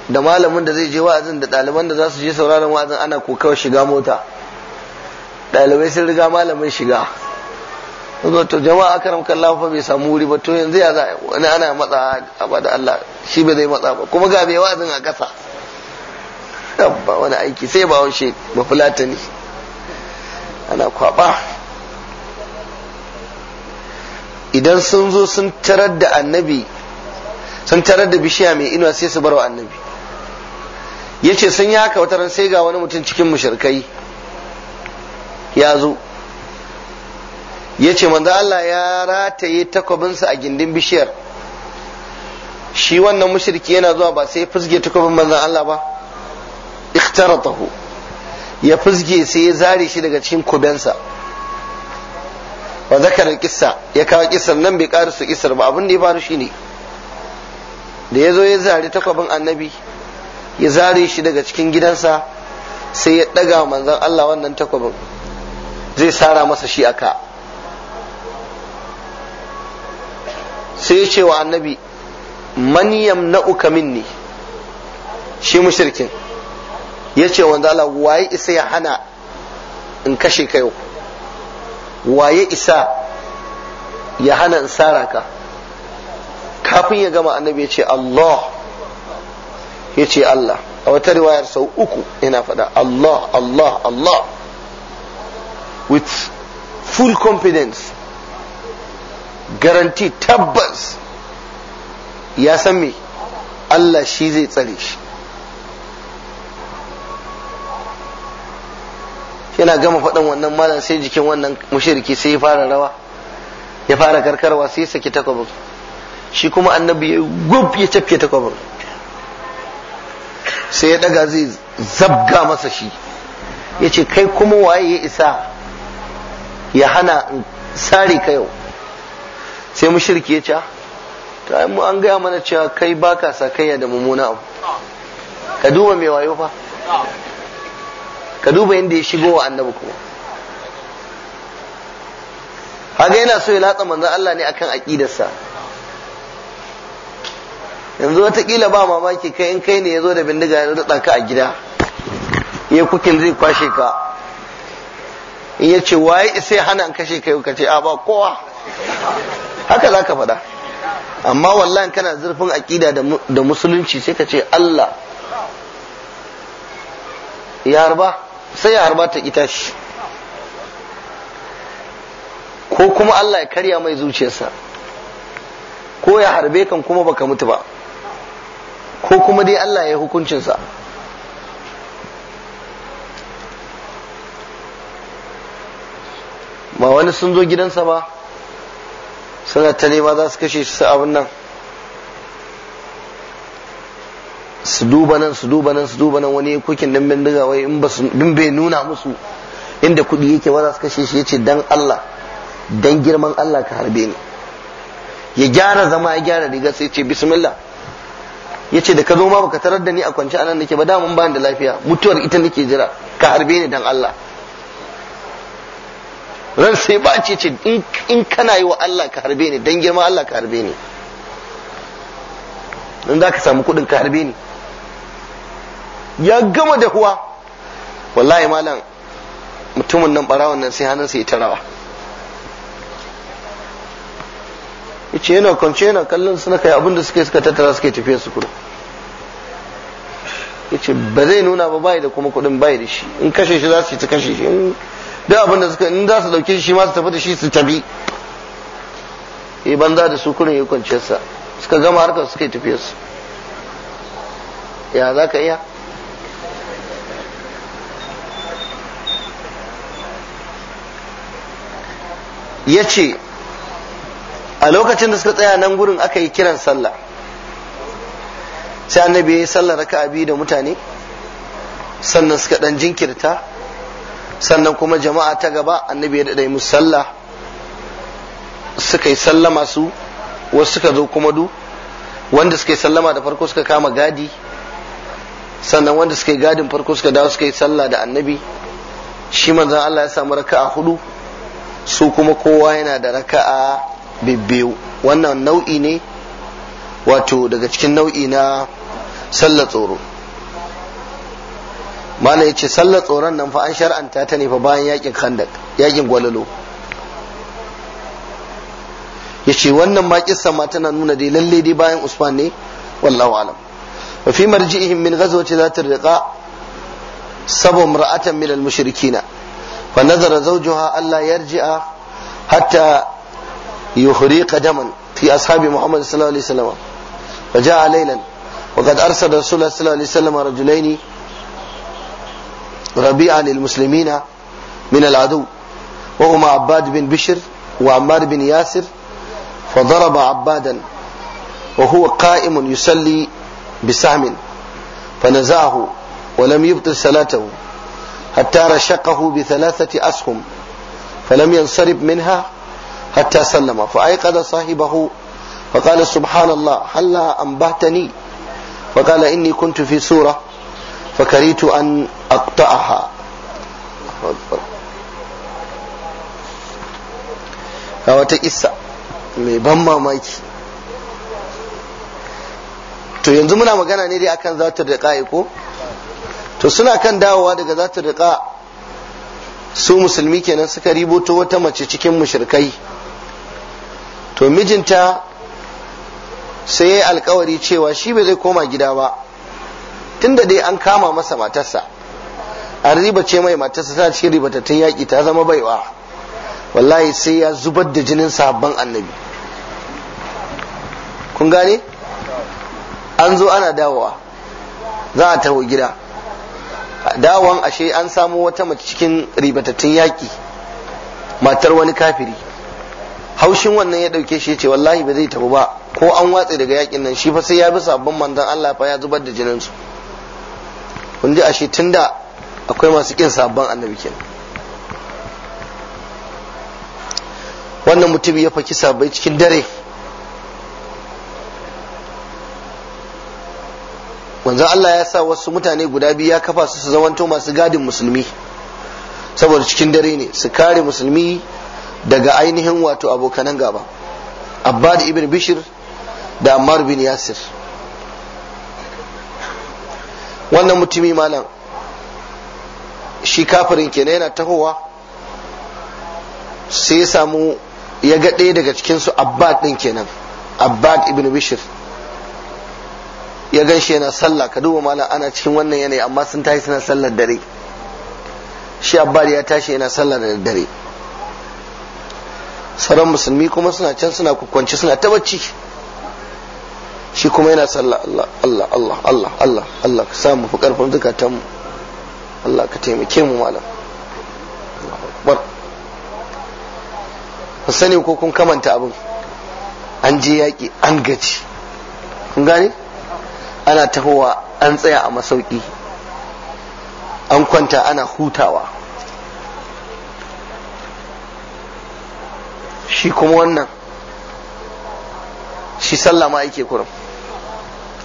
da malamin da zai je wa'azin da ɗaliban da za su je sauraron wa'azin ana kokawar shiga mota ɗalibai sun riga malamin shiga zo to jama'a karam kallahu fa bai samu wuri ba to yanzu ya za wani ana matsa a da Allah shi bai zai matsa ba kuma ga bai wa'azin a ƙasa ba wani aiki sai ba shi ba fulatani ana kwaba idan sun zo sun tarar da annabi sun tarar da bishiya mai inuwa sai su bar wa annabi ya ce sun yi haka wata ran sai ga wani mutum cikin mushirkai ya zo ya ce manzo Allah ya rataye takwabinsa a gindin bishiyar shi wannan mushriki yana zuwa ba sai fusge takwabin manzon Allah ba iktaratahu ya fizge sai ya zare shi daga cikin kubensa wa kisa kissa ya kawo kissar nan bai su kissar ba abin da ya faru shine da ya zo ya zare takwabin annabi ya zare shi daga cikin gidansa sai ya ɗaga manzon Allah wannan takwabin zai sara masa shi aka sai ya ce wa annabi man yamna'uka minni shi mushirkin ya ce wanda Allah waye isa ya hana in kashe ka yau waye isa ya hana in sara ka kafin ya gama annabi ya ce Allah ya ce Allah a wata riwayar sau uku ina faɗa Allah Allah Allah with full confidence guarantee tabbas ya san me Allah shi zai tsare shi yana gama faɗan wannan malam sai jikin wannan mushriki sai ya fara rawa ya fara karkarwa sai ya saki takwabin shi kuma annabi ya gub ya cafke takwabin sai ya ɗaga zai zabga masa shi ya ce kai kuma waye ya isa ya hana sare ka yau sai mushriki ya ce ah, ta mu an gaya mana cewa kai baka sakayya da mumuna abu ka duba mai wayo fa ka duba yadda ya shigo wa annabi kuma haka yana so ya latsa manzan Allah ne akan aqidarsa yanzu watakila ba mamaki kai in kai ne ya zo da bindiga ya daɗa ka a gida ya kukin zai kwashe ka in ya ce waye sai hana an kashe kai ka ce a ba kowa haka za ka faɗa amma wallahi kana zurfin aƙida da musulunci sai ka ce Allah ya harba sai ya harba ta ita shi ko kuma Allah ya karya mai zuciyarsa ko ya harbe kan kuma baka mutu ba ko kuma dai Allah ya hukuncinsa ba wani sun zo gidansa ba suna ta nema za su kashe su abin nan su duba nan su duba nan su duba nan wani kukin dan bindiga wai in ba su din bai nuna musu inda kuɗi yake ba za su kashe shi yace dan Allah dan girman Allah ka harbe ni ya gyara zama ya gyara riga sai ce bismillah yace da ka zo ma baka tarar da ni a kwance anan nake ba da mun ni da lafiya mutuwar ita nake jira ka harbe ni dan Allah ran sai ba ce ce in kana yi wa Allah ka harbe ni dan girman Allah ka harbe ni in za ka samu kuɗin ka harbe ni ya gama dahuwa wallahi malam mutumin nan barawan nan sai hannunsa ya tarawa ce yana kwanci yana kallon suna kai abin da suka suka tattara suke tafiya su kudu ce ba zai nuna ba bai da kuma kudin bai da shi in kashe shi za su ta kashe shi da abin da suka in za su dauke shi ma su tafi da shi su tafi Iban eh, za da su kurin ya kwanciyarsa sa suka gama harkar suka tafiya su ya za ka iya ya ce a lokacin da suka tsaya nan gurin aka yi kiran sallah sai annabi ya yi sallah raka biyu da mutane sannan suka dan jinkirta sannan kuma jama'a ta gaba annabi ya daɗa musu sallah suka yi sallama su wasu suka zo kuma du wanda suka yi sallama da farko suka kama gadi sannan wanda suka yi gadin farko suka dawo suka yi sallah da annabi shi manzon Allah ya samu raka'a hudu su kuma kowa yana da raka'a bibbiyu wannan nau'i ne wato daga cikin nau'i na sallar tsoro mana ya ce sallar tsoron nan fa an shar'anta ta ne fa bayan yakin khandak yakin gwalalo ya ce wannan ma kissa ma tana nuna dai lalle dai bayan usman ne wallahu alam wa fi marji'ihim min ghazwati zatir riqa sabu mar'atan min al-mushrikina فنذر زوجها ألا يرجع حتى يخريق دما في أصحاب محمد صلى الله عليه وسلم فجاء ليلا وقد أرسل رسول الله صلى الله عليه وسلم رجلين ربيعا للمسلمين من العدو وهما عباد بن بشر وعمار بن ياسر فضرب عبادا وهو قائم يصلي بسهم فنزعه ولم يبطل صلاته حتى رشقه بثلاثة أسهم فلم ينصرب منها حتى سلم فأيقظ صاحبه فقال سبحان الله هل أنبهتني فقال إني كنت في سورة فكرهت أن أقطعها a wata kissa mai ban mamaki to yanzu muna magana ne dai akan zata da ko to suna kan dawowa daga za ta riƙa su musulmi kenan suka riboto wata mace cikin mushirkai to mijinta sai ya yi alkawari cewa shi bai zai koma gida ba tunda dai an kama masa matarsa an riba ce mai matarsa ta cikin ribatattun yaƙi ta zama baiwa wallahi sai ya zubar da jinin sabon annabi kun gane an zo ana dawowa za a taho gida dawon ashe an samu wata mace cikin ribatattun yaƙi matar wani kafiri haushin wannan ya ɗauke shi ce wallahi ba zai tabu ba ko an watse daga yaƙin nan shi fa sai ya bi sabon manzon Allah fa ya zubar da jinin su kun ji ashe tunda akwai masu kin sabon annabi wannan mutum ya faki sabai cikin dare manzon Allah ya sa wasu mutane guda biyu ya kafa su su zamanto masu gadin musulmi saboda cikin dare ne su kare musulmi daga ainihin wato abokanan gaba abbad ibn bishir da ammar bin yasir wannan mutumi malam shi kafirin kenan yana tahowa sai ya samu ya ga ɗaya daga cikinsu abbad ɗin kenan abbad ibn bishir ya gan shi yana sallah ka duba malam ana cikin wannan yanayi amma sun tashi suna sallar dare shi abbar ya tashi yana sallar da dare sauran musulmi kuma suna can suna kukwanci suna ta bacci shi kuma yana sallah Allah Allah Allah Allah Allah Allah ka samu fi karfin zukatanmu Allah ka taimake mu malam ba ku sani ko kun kamanta abin an je yaƙi an gaci kun gane ana tahowa an tsaya a masauki an kwanta ana hutawa shi kuma wannan shi sallah ma yake kurum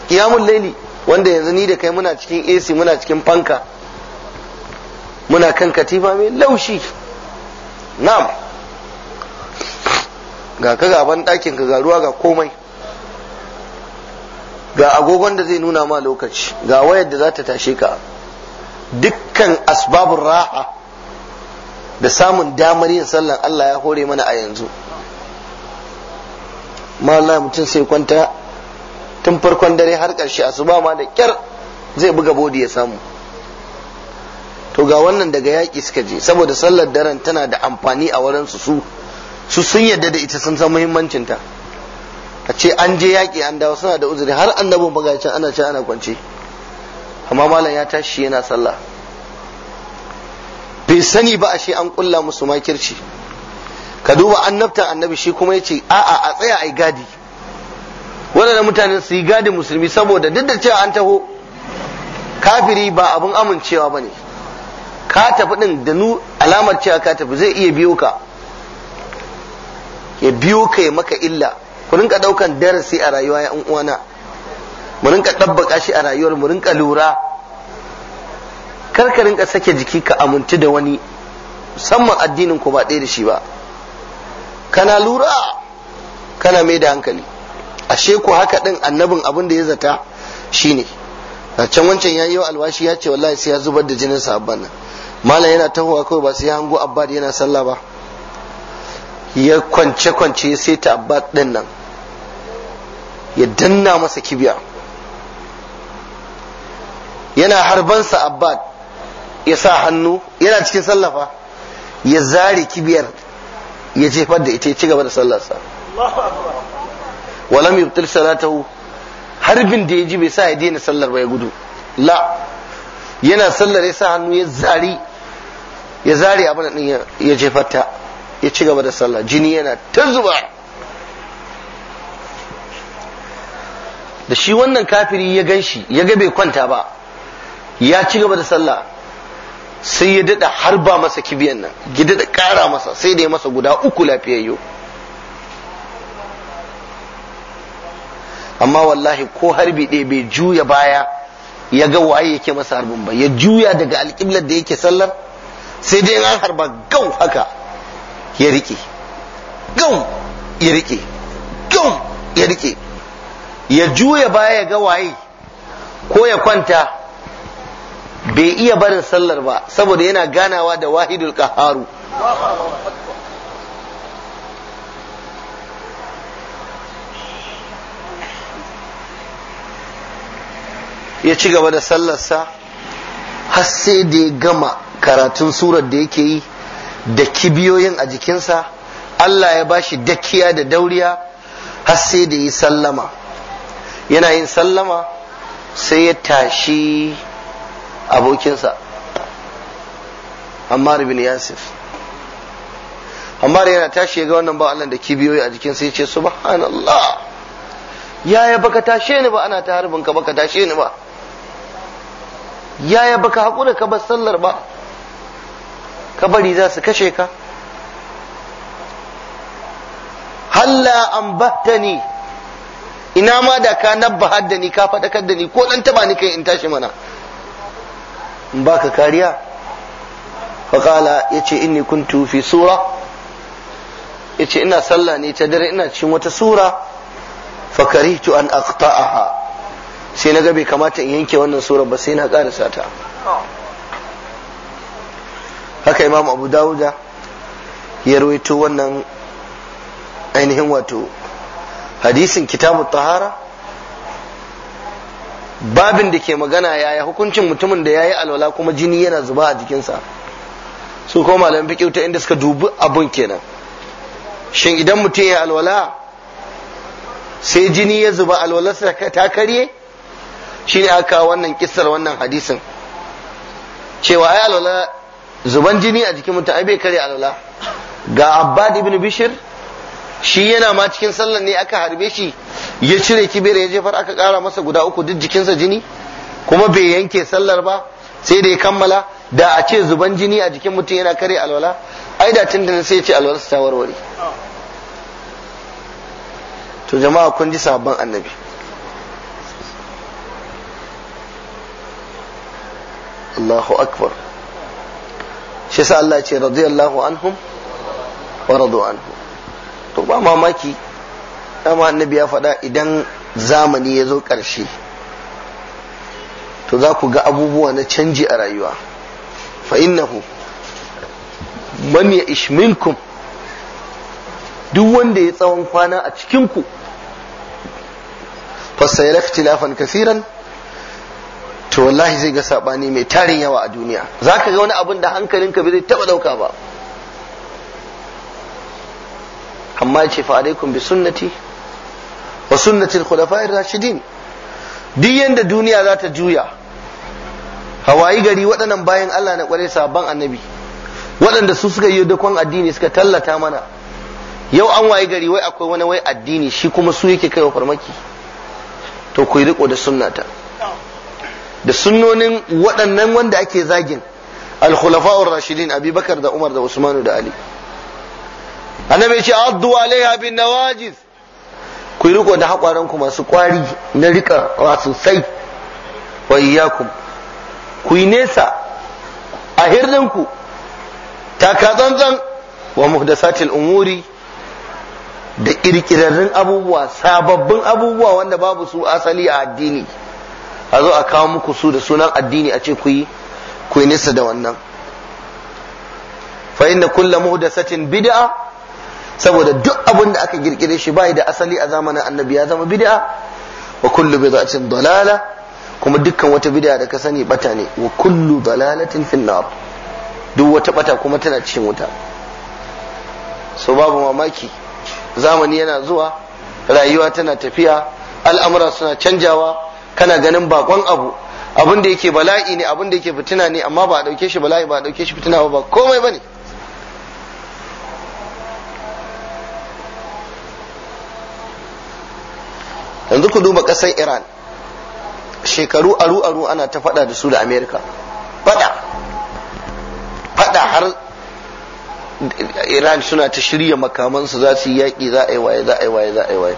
kiyamun laili wanda yanzu ni da kai muna cikin AC muna cikin fanka muna kan katifa mai laushi na'am ga ka gaban ɗakin ka ga ruwa ga komai ga agogon da zai nuna ma lokaci ga wayar da za ta tashe ka dukkan asbabun raha da samun damar yin sallan Allah ya hore mana a yanzu mallah mutum sai kwanta tun farkon dare har ƙarshe asuba ma da kyar zai buga bodi ya samu to ga wannan daga yaƙi suka je saboda sallar daren tana da amfani a wurinsu su su sun yadda da ita sun san muhimmancinta a ce an je yaƙi an dawo suna da uzuri har annabin bagacin ana ce ana kwance amma malam ya tashi yana sallah bai sani ba a shi an kulla musu makirci ka duba annabtan annabi shi kuma ya ce a'a a tsaya a yi gadi waɗannan mutanen su yi gadi musulmi saboda duk da cewa an taho kafiri ba abin amincewa ba ne ka tafi ɗin da nu alamar cewa ka tafi zai iya biyo ka ya biyo ka ya maka illa ku rinka daukan darasi a rayuwa ya uwana mu rinka dabbaka shi a rayuwar mu rinka lura kar ka rinka sake jiki ka amintu da wani musamman addinin ku ba ɗaya da shi ba kana lura kana mai da hankali ashe ku haka din annabin abin da ya zata shine a can wancan ya yi alwashi ya ce wallahi sai ya zubar da jinin sahabban nan malam yana tahowa kawai ba sai ya hango abbad yana sallah ba ya kwance kwance sai ta abbas din nan ya danna masa kibiya yana harbansa abbas ya sa hannu yana cikin sallafa ya zare kibiyar ya jefar da ita ya ci gaba da sallarsa walam yubtil salatahu harbin da ya ji bai sa ya daina sallar ba ya gudu la yana sallar ya sa hannu ya zari ya zari abin da ya jefar ta ya ci gaba da sallah jini yana ta zuba da shi wannan kafiri ya gan shi ya ga bai kwanta ba ya ci gaba da sallah sai ya daɗa harba masa kibiyan nan ya da ƙara masa sai da ya masa guda uku lafiyayyo amma wallahi ko harbi ɗaya bai juya baya ya ga waye yake masa harbin ba ya juya daga alƙiblar da yake sallar sai dai an harba gau haka ya rike gam ya rike gam ya rike ya juya baya ga waye ko ya kwanta bai iya barin sallar ba saboda yana ganawa da wahidul qaharu ya ci gaba da sallarsa har sai da ya gama karatun surar da yake yi da kibiyoyin a jikinsa Allah ya ba shi dakiya da dauriya har sai da yi sallama yana yin sallama sai ya tashi abokinsa Ammar bin Yasif Ammar yana tashi ga wannan ba Allah da kibiyoyi a jikinsa ya ce subhanallah yaya baka tashe ni ba ana ta harbin ka baka tashe ni ba yaya baka haƙura ka ba sallar ba kabari za su kashe ka halla an bahtani ina ma da ka nabba da ni ka faɗakar da ni ko ɗan taba ni kai in tashi mana in baka kariya faƙala ya ce inni kuntu fi sura ya ce ina sallah ne ta dare ina cikin wata sura fakarihtu an aqta'aha sai na ga bai kamata in yanke wannan sura ba sai na ƙarisa ta haka imam abu dawuda ya rawaito wannan ainihin wato hadisin kitabun tahara babin da ke magana ya yi hukuncin mutumin da ya yi alwala kuma jini yana zuba a jikinsa su kuma malamin fiƙi ta inda suka dubi abun kenan shin idan mutum ya alwala sai jini ya zuba alwalarsa ta karye shi ne aka wannan kisar wannan hadisin cewa ai alwala zuban jini a jikin mutum ai bai kare alwala ga abbad ibn bishir shi yana ma cikin sallar ne aka harbe shi ya cire kibira ya jefar aka kara masa guda uku duk jikinsa jini kuma bai yanke sallar ba sai da ya kammala da a ce zuban jini a jikin mutum yana kare alwala ai da tun da sai ya ce alwala ta warware to jama'a kun ji sabon annabi Allahu akbar shi sa Allah ce radiyallahu anhum wa radu anhu to ba mamaki dama annabi ya faɗa idan zamani ya zo ƙarshe to za ku ga abubuwa na canji a rayuwa fa innahu man ya ishminkum duk wanda ya tsawon kwana a cikin cikinku fasayar ikhtilafan kasiran to wallahi zai ga sabani mai tarin yawa a duniya Za ka ga wani abin da hankalinka bai taba ɗauka ba amma ya ce fa bi sunnati wa sunnati khulafair rashidin duk yanda duniya za ta juya hawayi gari waɗannan bayan Allah na ƙware sabon annabi waɗanda su suka yi dakon addini suka tallata mana yau an wayi gari wai akwai wani wai addini shi kuma su yake kaiwa farmaki to ku yi riko da sunnata da sunnonin waɗannan wanda ake zagin al rashidin abubakar da umar da usmanu da ali annabi ce addu alaiha bin nawajiz ku riko da haƙwaranku masu ƙwari na rika sosai wa iyyakum ku yi nesa a hirdinku takatsantsan wa muhdasatil umuri da ƙirƙirarrun abubuwa sababbin abubuwa wanda babu su asali a addini a zo a kawo muku su da sunan addini a ce ku yi ku nisa da wannan fa inna kullu muhdathatin bid'a saboda duk abin da aka girkire shi bai da asali a zamanin annabi ya zama bid'a wa kullu bid'atin dalala kuma dukkan wata bid'a da ka sani bata ne wa kullu dalalatin fil nar duk wata bata kuma tana cikin wuta so babu mamaki zamani yana zuwa rayuwa tana tafiya al'amura suna canjawa kana ganin bakon abu abin da yake bala'i ne abin da yake fitina ne amma ba a dauke shi bala'i ba a dauke shi fitina ba komai bane yanzu ku duba kasar iran shekaru aru aru ana ta fada da su da amerika fada fada har iran suna ta shirya makamansu za su yi yaƙi za a yi waye za a yi waye za a yi waye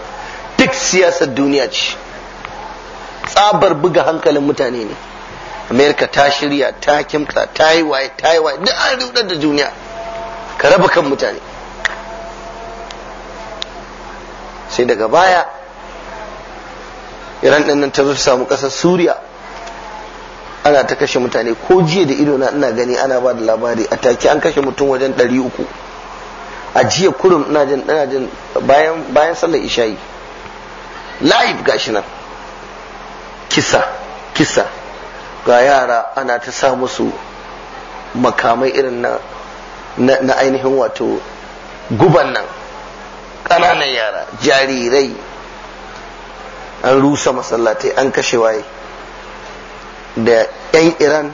duk siyasar duniya ce tsabar buga hankalin mutane ne amerika ta shirya ta kimta ta yi waye ta yi waye duk an rudar da duniya ka raba kan mutane sai daga baya iran ɗin nan ta zo samu ƙasar suriya ana ta kashe mutane ko jiya da ido na ina gani ana ba da labari a take an kashe mutum wajen ɗari uku a jiya kurum ina jin bayan sallar isha'i live gashi nan kisa kisa ga yara ana ta sa musu makamai irin na na ainihin wato guban nan ƙananan yara jarirai an rusa masallatai an kashe waye da 'yan iran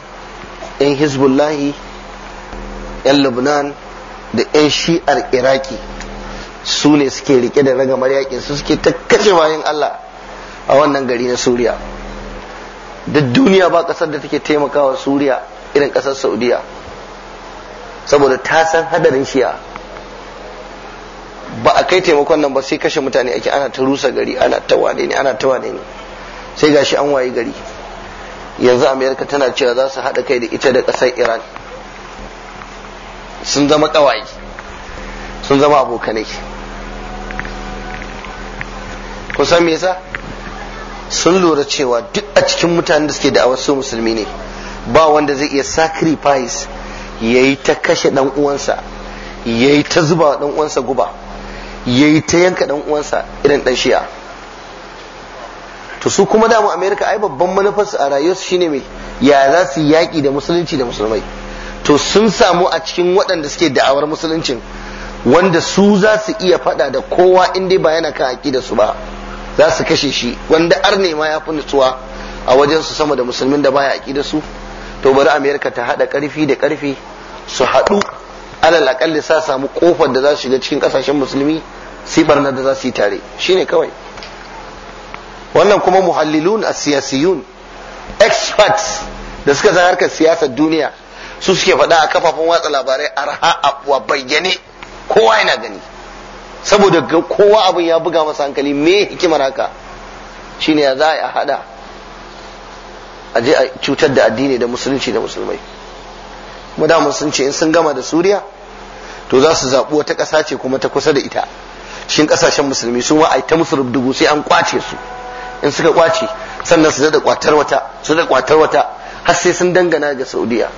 'yan hezbollahi 'yan lebanon da 'yan shi'ar iraki su ne suke rike da ragamar yakin su suke ta kashe wayan allah a wannan gari na suriya da duniya ba kasar da take taimakawa suriya irin kasar saudiya saboda ta san hadarin shiya ba a kai taimakon nan ba sai kashe mutane ake ana ta rusa gari ana ta wane ne ana ta wane ne sai gashi an waye gari yanzu amerika tana cewa za su haɗa kai da ita da kasar iran sun zama ƙawaye sun zama abokanai kusan me yasa sun lura cewa duk a cikin mutanen da suke da wasu musulmi ne ba wanda zai iya sacrifice ya yi ta kashe dan uwansa ya yi ta zuba dan uwansa guba ya yi ta yanka dan uwansa irin dan shi'a to su kuma damu Amerika ai babban manufarsu a rayuwarsu shine mai ya za su yaƙi da musulunci da musulmai to sun samu a cikin waɗanda suke da'awar musuluncin wanda su za su iya faɗa da kowa in dai ba yana kan da su ba za su kashe shi wanda arne ma ya fi nutsuwa a wajen su sama da musulmin da baya aƙi da su to bari amerika ta haɗa ƙarfi da ƙarfi su haɗu alal aƙalli sa samu ƙofar da za su shiga cikin ƙasashen musulmi sai barna da za su yi tare shine kawai wannan kuma muhallilun a experts da suka san harkar siyasar duniya su suke faɗa a kafafen watsa labarai arha a bayyane kowa yana gani saboda kowa abin ya buga masa hankali me hikimar haka shine ya za a hada a je a cutar da addini da musulunci da musulmai kuma da sun ce in sun gama da suriya to za su zaɓi wata ƙasa ce kuma ta kusa da ita shin ƙasashen musulmi su ma a ta musu rubdugu sai an kwace su in suka kwace sannan su da kwatar wata su da kwatar wata har sai sun dangana ga saudiya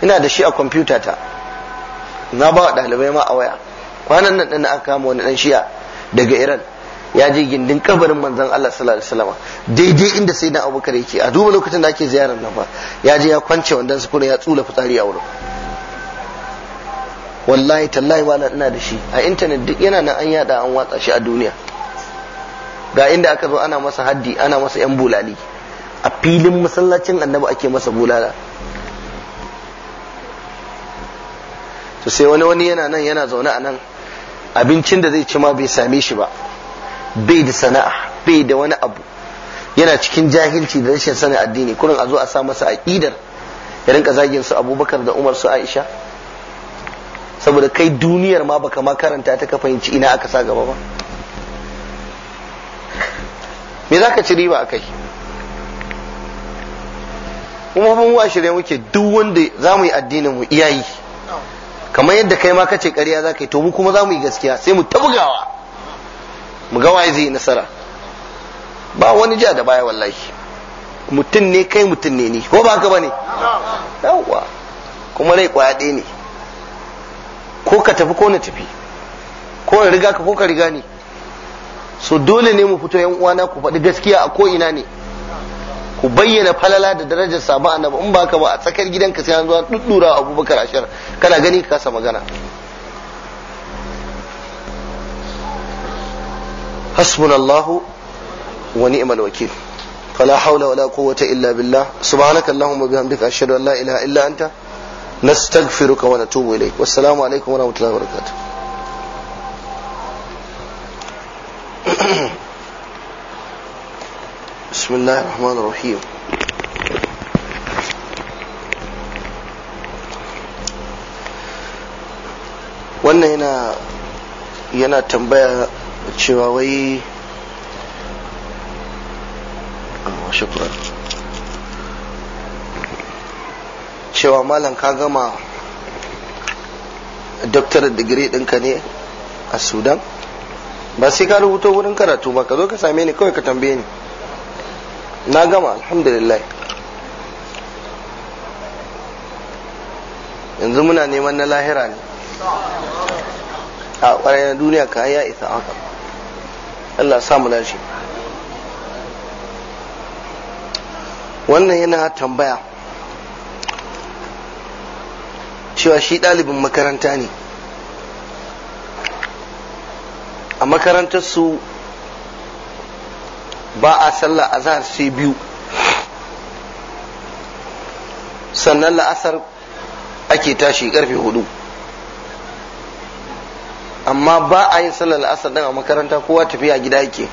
ina da shi a kwamfuta ta na ba wa ɗalibai ma a waya kwanan nan dana aka kama wani ɗan shi'a daga iran ya je gindin kabarin manzon Allah sallallahu alaihi wasallam daidai inda sai na abubakar yake a duba lokacin da ake ziyarar nan fa ya je ya kwance wandan su kuma ya tsula fitsari a wurin wallahi tallahi wala ina da shi a intanet duk yana nan an yada an watsa shi a duniya ga inda aka zo ana masa haddi ana masa yan bulali a filin masallacin annabi ake masa bulala to sai wani wani yana nan yana zaune a nan abincin da zai ci ma bai same shi ba bai da sana'a bai da wani abu yana cikin jahilci da rashin sanin addini kurin a zo a sa masa aqidar ya rinka zagin su abubakar da umar su aisha saboda kai duniyar ma baka ma karanta ta ka fahimci ina aka sa gaba ba me za ci riba a kai kuma mun washirya muke duk wanda za yi addinin mu iyayi kamar yadda kai ma kace ƙarya za ka yi to mu kuma za mu yi gaskiya sai mu ta bugawa mu ga waye zai yi nasara ba wani ja da baya wallahi mutum ne kai mutum ne ni ko ba haka bane yawwa kuma rai kwaya ɗaya ne ko ka tafi ko na tafi ko na riga ka ko ka riga ni so dole ne mu fito yan uwana ku faɗi gaskiya a ko ina ne ku bayyana falala da darajar samu annabi in baka ba a tsakar gidanka sai an zo duddura abubakar ashar kana gani ka kasa magana hasbunallahu wa ni'mal wakil فلا حول ولا بسم الله الرحمن الرحيم wannan yana yana tambaya cewa wai cewa malam ka gama doctorate digiri ɗinka ne a sudan ba sai ka rubuto wurin karatu ba ka zo ka same ni kawai ka tambaye ni na gama alhamdulillah yanzu muna neman na lahira ne a ƙwararren duniya ka ya isa haka Allah samu lashe wannan yana tambaya cewa shi ɗalibin makaranta ne a makarantar su ba a sallah azhar sai biyu sannan la'asar ake tashi karfe hudu amma ba a yin sallar la'asar din a makaranta kowa tafiya gida yake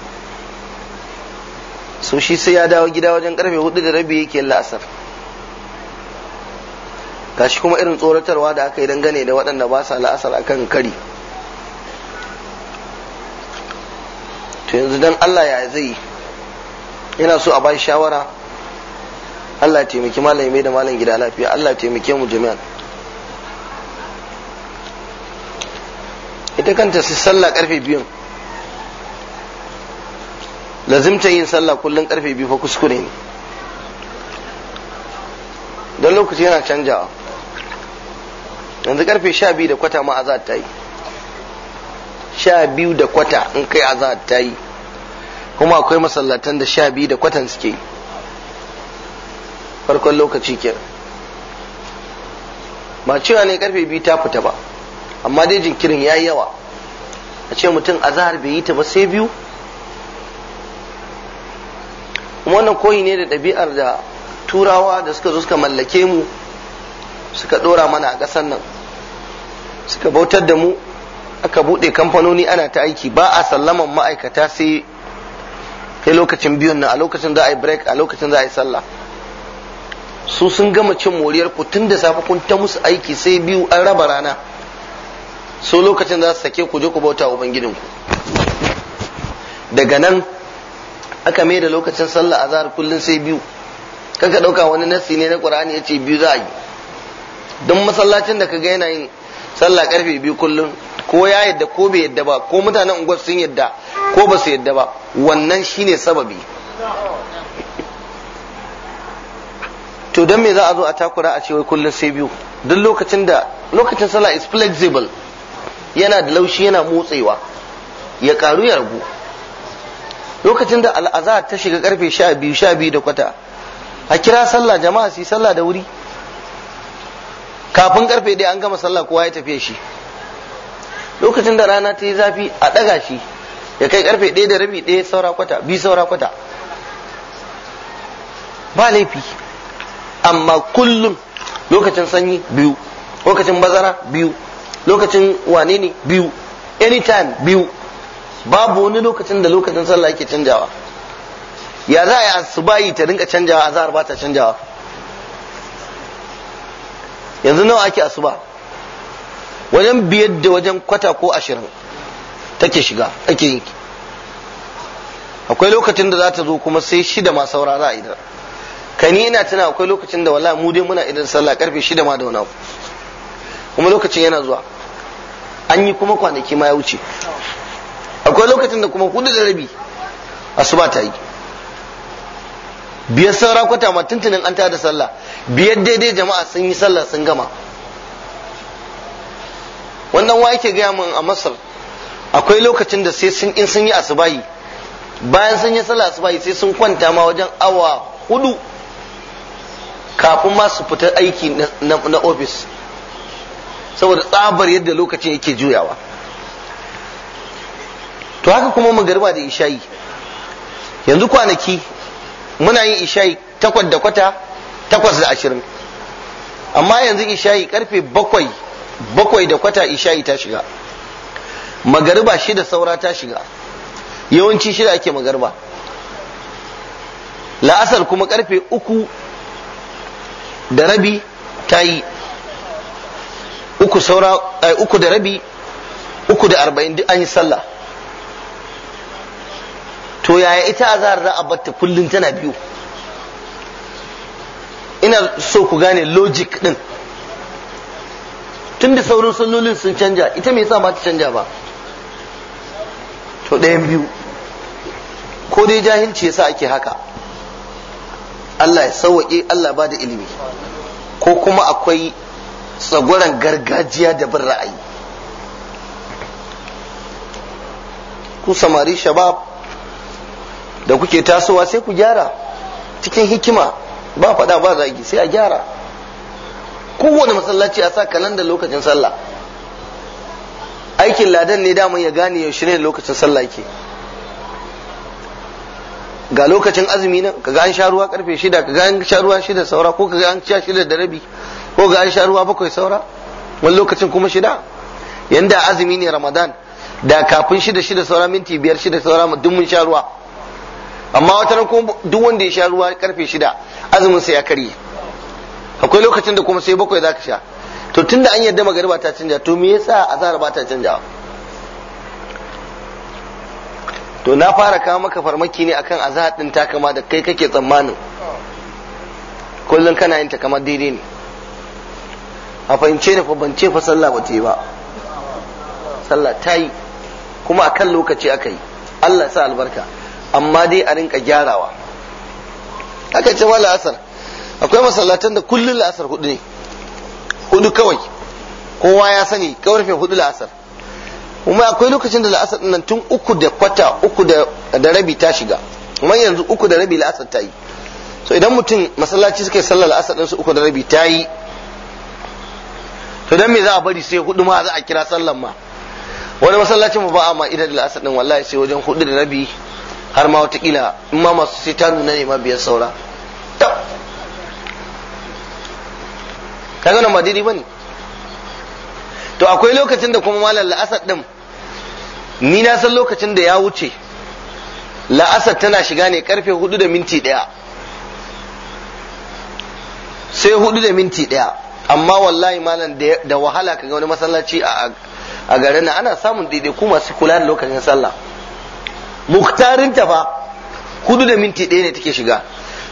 so shi sai ya dawo gida wajen karfe hudu da rabi yake la'asar gashi kuma irin tsoratarwa da aka yi dangane da waɗanda ba sa la'asar akan kari to yanzu don allah ya zai yi yana so a ba shawara Allah taimaki malami da malam gida lafiya Allah taimake mu jami'an ita kanta su sallah karfe biyun lazimta yin sallah kullum karfe biyu fa kuskure ne don lokaci yana canjawa yanzu karfe sha biyu da kwata ma azad ta yi sha biyu da kwata in kai azad ta yi kuma akwai masallatan da sha biyu da kwatan suke farkon lokaci ke ba cewa ne karfe biyu ta fita ba amma dai jinkirin ya yi yawa a ce mutum azahar bai yi ta ba sai biyu kuma wannan koyi ne da ɗabi'ar da turawa da suka zo suka mallake mu suka ɗora mana a ƙasar nan suka bautar da mu aka buɗe kamfanoni ana ta aiki ba a sallaman ma'aikata sai sai lokacin biyun nan a lokacin za a yi break a lokacin za a yi sallah su sun gama cin moriyar ku tun da safe kun ta musu aiki sai biyu an raba rana su lokacin za su sake ku je ku bauta ku daga nan aka mai da lokacin sallah a zahar kullun sai biyu kanka dauka wani nasi ne na qur'ani yace biyu za a yi dan masallacin da ka ga yana yin sallah karfe biyu kullun ko ya yadda ko bai yadda ba ko mutanen unguwar sun yadda ko ba su yadda ba wannan shine sababi to don me za a zo a takura a ce wai kullum sai biyu duk lokacin da lokacin sallah is flexible yana da laushi yana motsewa ya karu ya rabu lokacin da al'aza ta shiga karfe sha biyu sha biyu da kwata a kira sallah jama'a su yi sallah da wuri kafin karfe ɗaya an gama sallah kowa ya tafiye shi lokacin da rana ta yi zafi a ɗaga shi ya kai karfe ɗaya da rabi ɗaya saura kwata bi saura kwata ba laifi amma kullum lokacin sanyi biyu lokacin bazara biyu lokacin wane ne biyu anytime biyu babu wani lokacin da lokacin sallah yake canjawa ya za a yi asubayi ta rinka canjawa azhar ba ta canjawa yanzu nawa ake asuba wajen biyar da wajen kwata ko ashirin take shiga ake yin akwai lokacin da za ta zo kuma sai shida ma saura za a idan kai ni ina tuna akwai lokacin da wallahi mu dai muna idan sallah karfe shida ma da wani abu kuma lokacin yana zuwa an yi kuma kwanaki ma ya wuce akwai lokacin da kuma hudu da rabi asuba ta yi biyar saura kwata ma tuntunin an tada sallah biyar daidai jama'a sun yi sallah sun gama wannan wa yake gaya min a masar akwai lokacin da sai sun in sun yi asubahi bayan sun yi sallah asubahi sai sun kwanta ma wajen awa hudu kafin ma su fita aiki na ofis saboda tsabar yadda lokacin yake juyawa to haka kuma magariba da ishayi yanzu kwanaki muna yin ishayi takwas da kwata takwas da ashirin amma yanzu ishayi karfe bakwai bakwai da kwata isha'i ta shiga magariba shida saura ta shiga yawanci shida ake magariba la'asar kuma karfe uku da rabi ta yi uku saura eh, uku da rabi uku da arba'in duk an yi sallah to yaya ita azahar za a batta kullum tana biyu ina so ku gane logic din tun da saurin sallolin sun canja ita me yasa ba ta canja ba to ɗayan biyu ko dai jahilci yasa ake haka Allah ya sauwaƙe Allah ba da ilimi ko kuma akwai tsagwaron gargajiya da bin ra'ayi ku samari shabab da kuke tasowa sai ku gyara cikin hikima ba faɗa ba zagi sai a gyara kowane masallaci a sa kalandar lokacin sallah aikin ladan ne daman ya gane yaushe ne lokacin sallah yake ga lokacin azumi nan kaga an sha ruwa karfe shida kaga an sha ruwa shida saura ko kaga an sha shida da rabi ko ga an sha ruwa bakwai saura wani lokacin kuma shida yanda azumi ne ramadan da kafin shida shida saura minti biyar shida saura duk mun sha ruwa amma wata ran kuma duk wanda ya sha ruwa karfe shida azumin sa ya karye akwai lokacin da kuma sai bakwai za ka sha to tunda an yarda magariba ta canja to me yasa azhar ba ta canja to na fara kawo maka farmaki ne akan azhar din ta kama da kai kake tsammanin kullum kana yin ta kamar daidai ne a fahimce ni fa ban fa sallah ba ta yi ba sallah ta yi kuma akan lokaci aka yi Allah ya sa albarka amma dai a rinka gyarawa aka ce wala asar akwai masallatan da kullun la'asar hudu ne hudu kawai kowa ya sani karfe hudu la'asar kuma akwai lokacin da la'asar nan tun uku da kwata uku da rabi ta shiga kuma yanzu uku da rabi la'asar ta yi so idan mutum masallaci suka yi sallar la'asar su uku da rabi ta yi to dan me za a bari sai hudu ma za a kira sallar ma wani masallacin ba a ma idan la'asar ɗin wallahi sai wajen hudu da rabi har ma watakila in ma masu sai ta nuna ne ma biyar saura kaga nan ba daidai bane to akwai lokacin da kuma malam la'asar ɗin, ni na san lokacin da ya wuce la'asar tana shiga ne karfe hudu da minti ɗaya. sai hudu da minti ɗaya, amma wallahi malam da wahala kaga wani masallaci a garin nan ana samun daidai kuma su kula da lokacin sallah muktarin ta fa hudu da minti ɗaya ne take shiga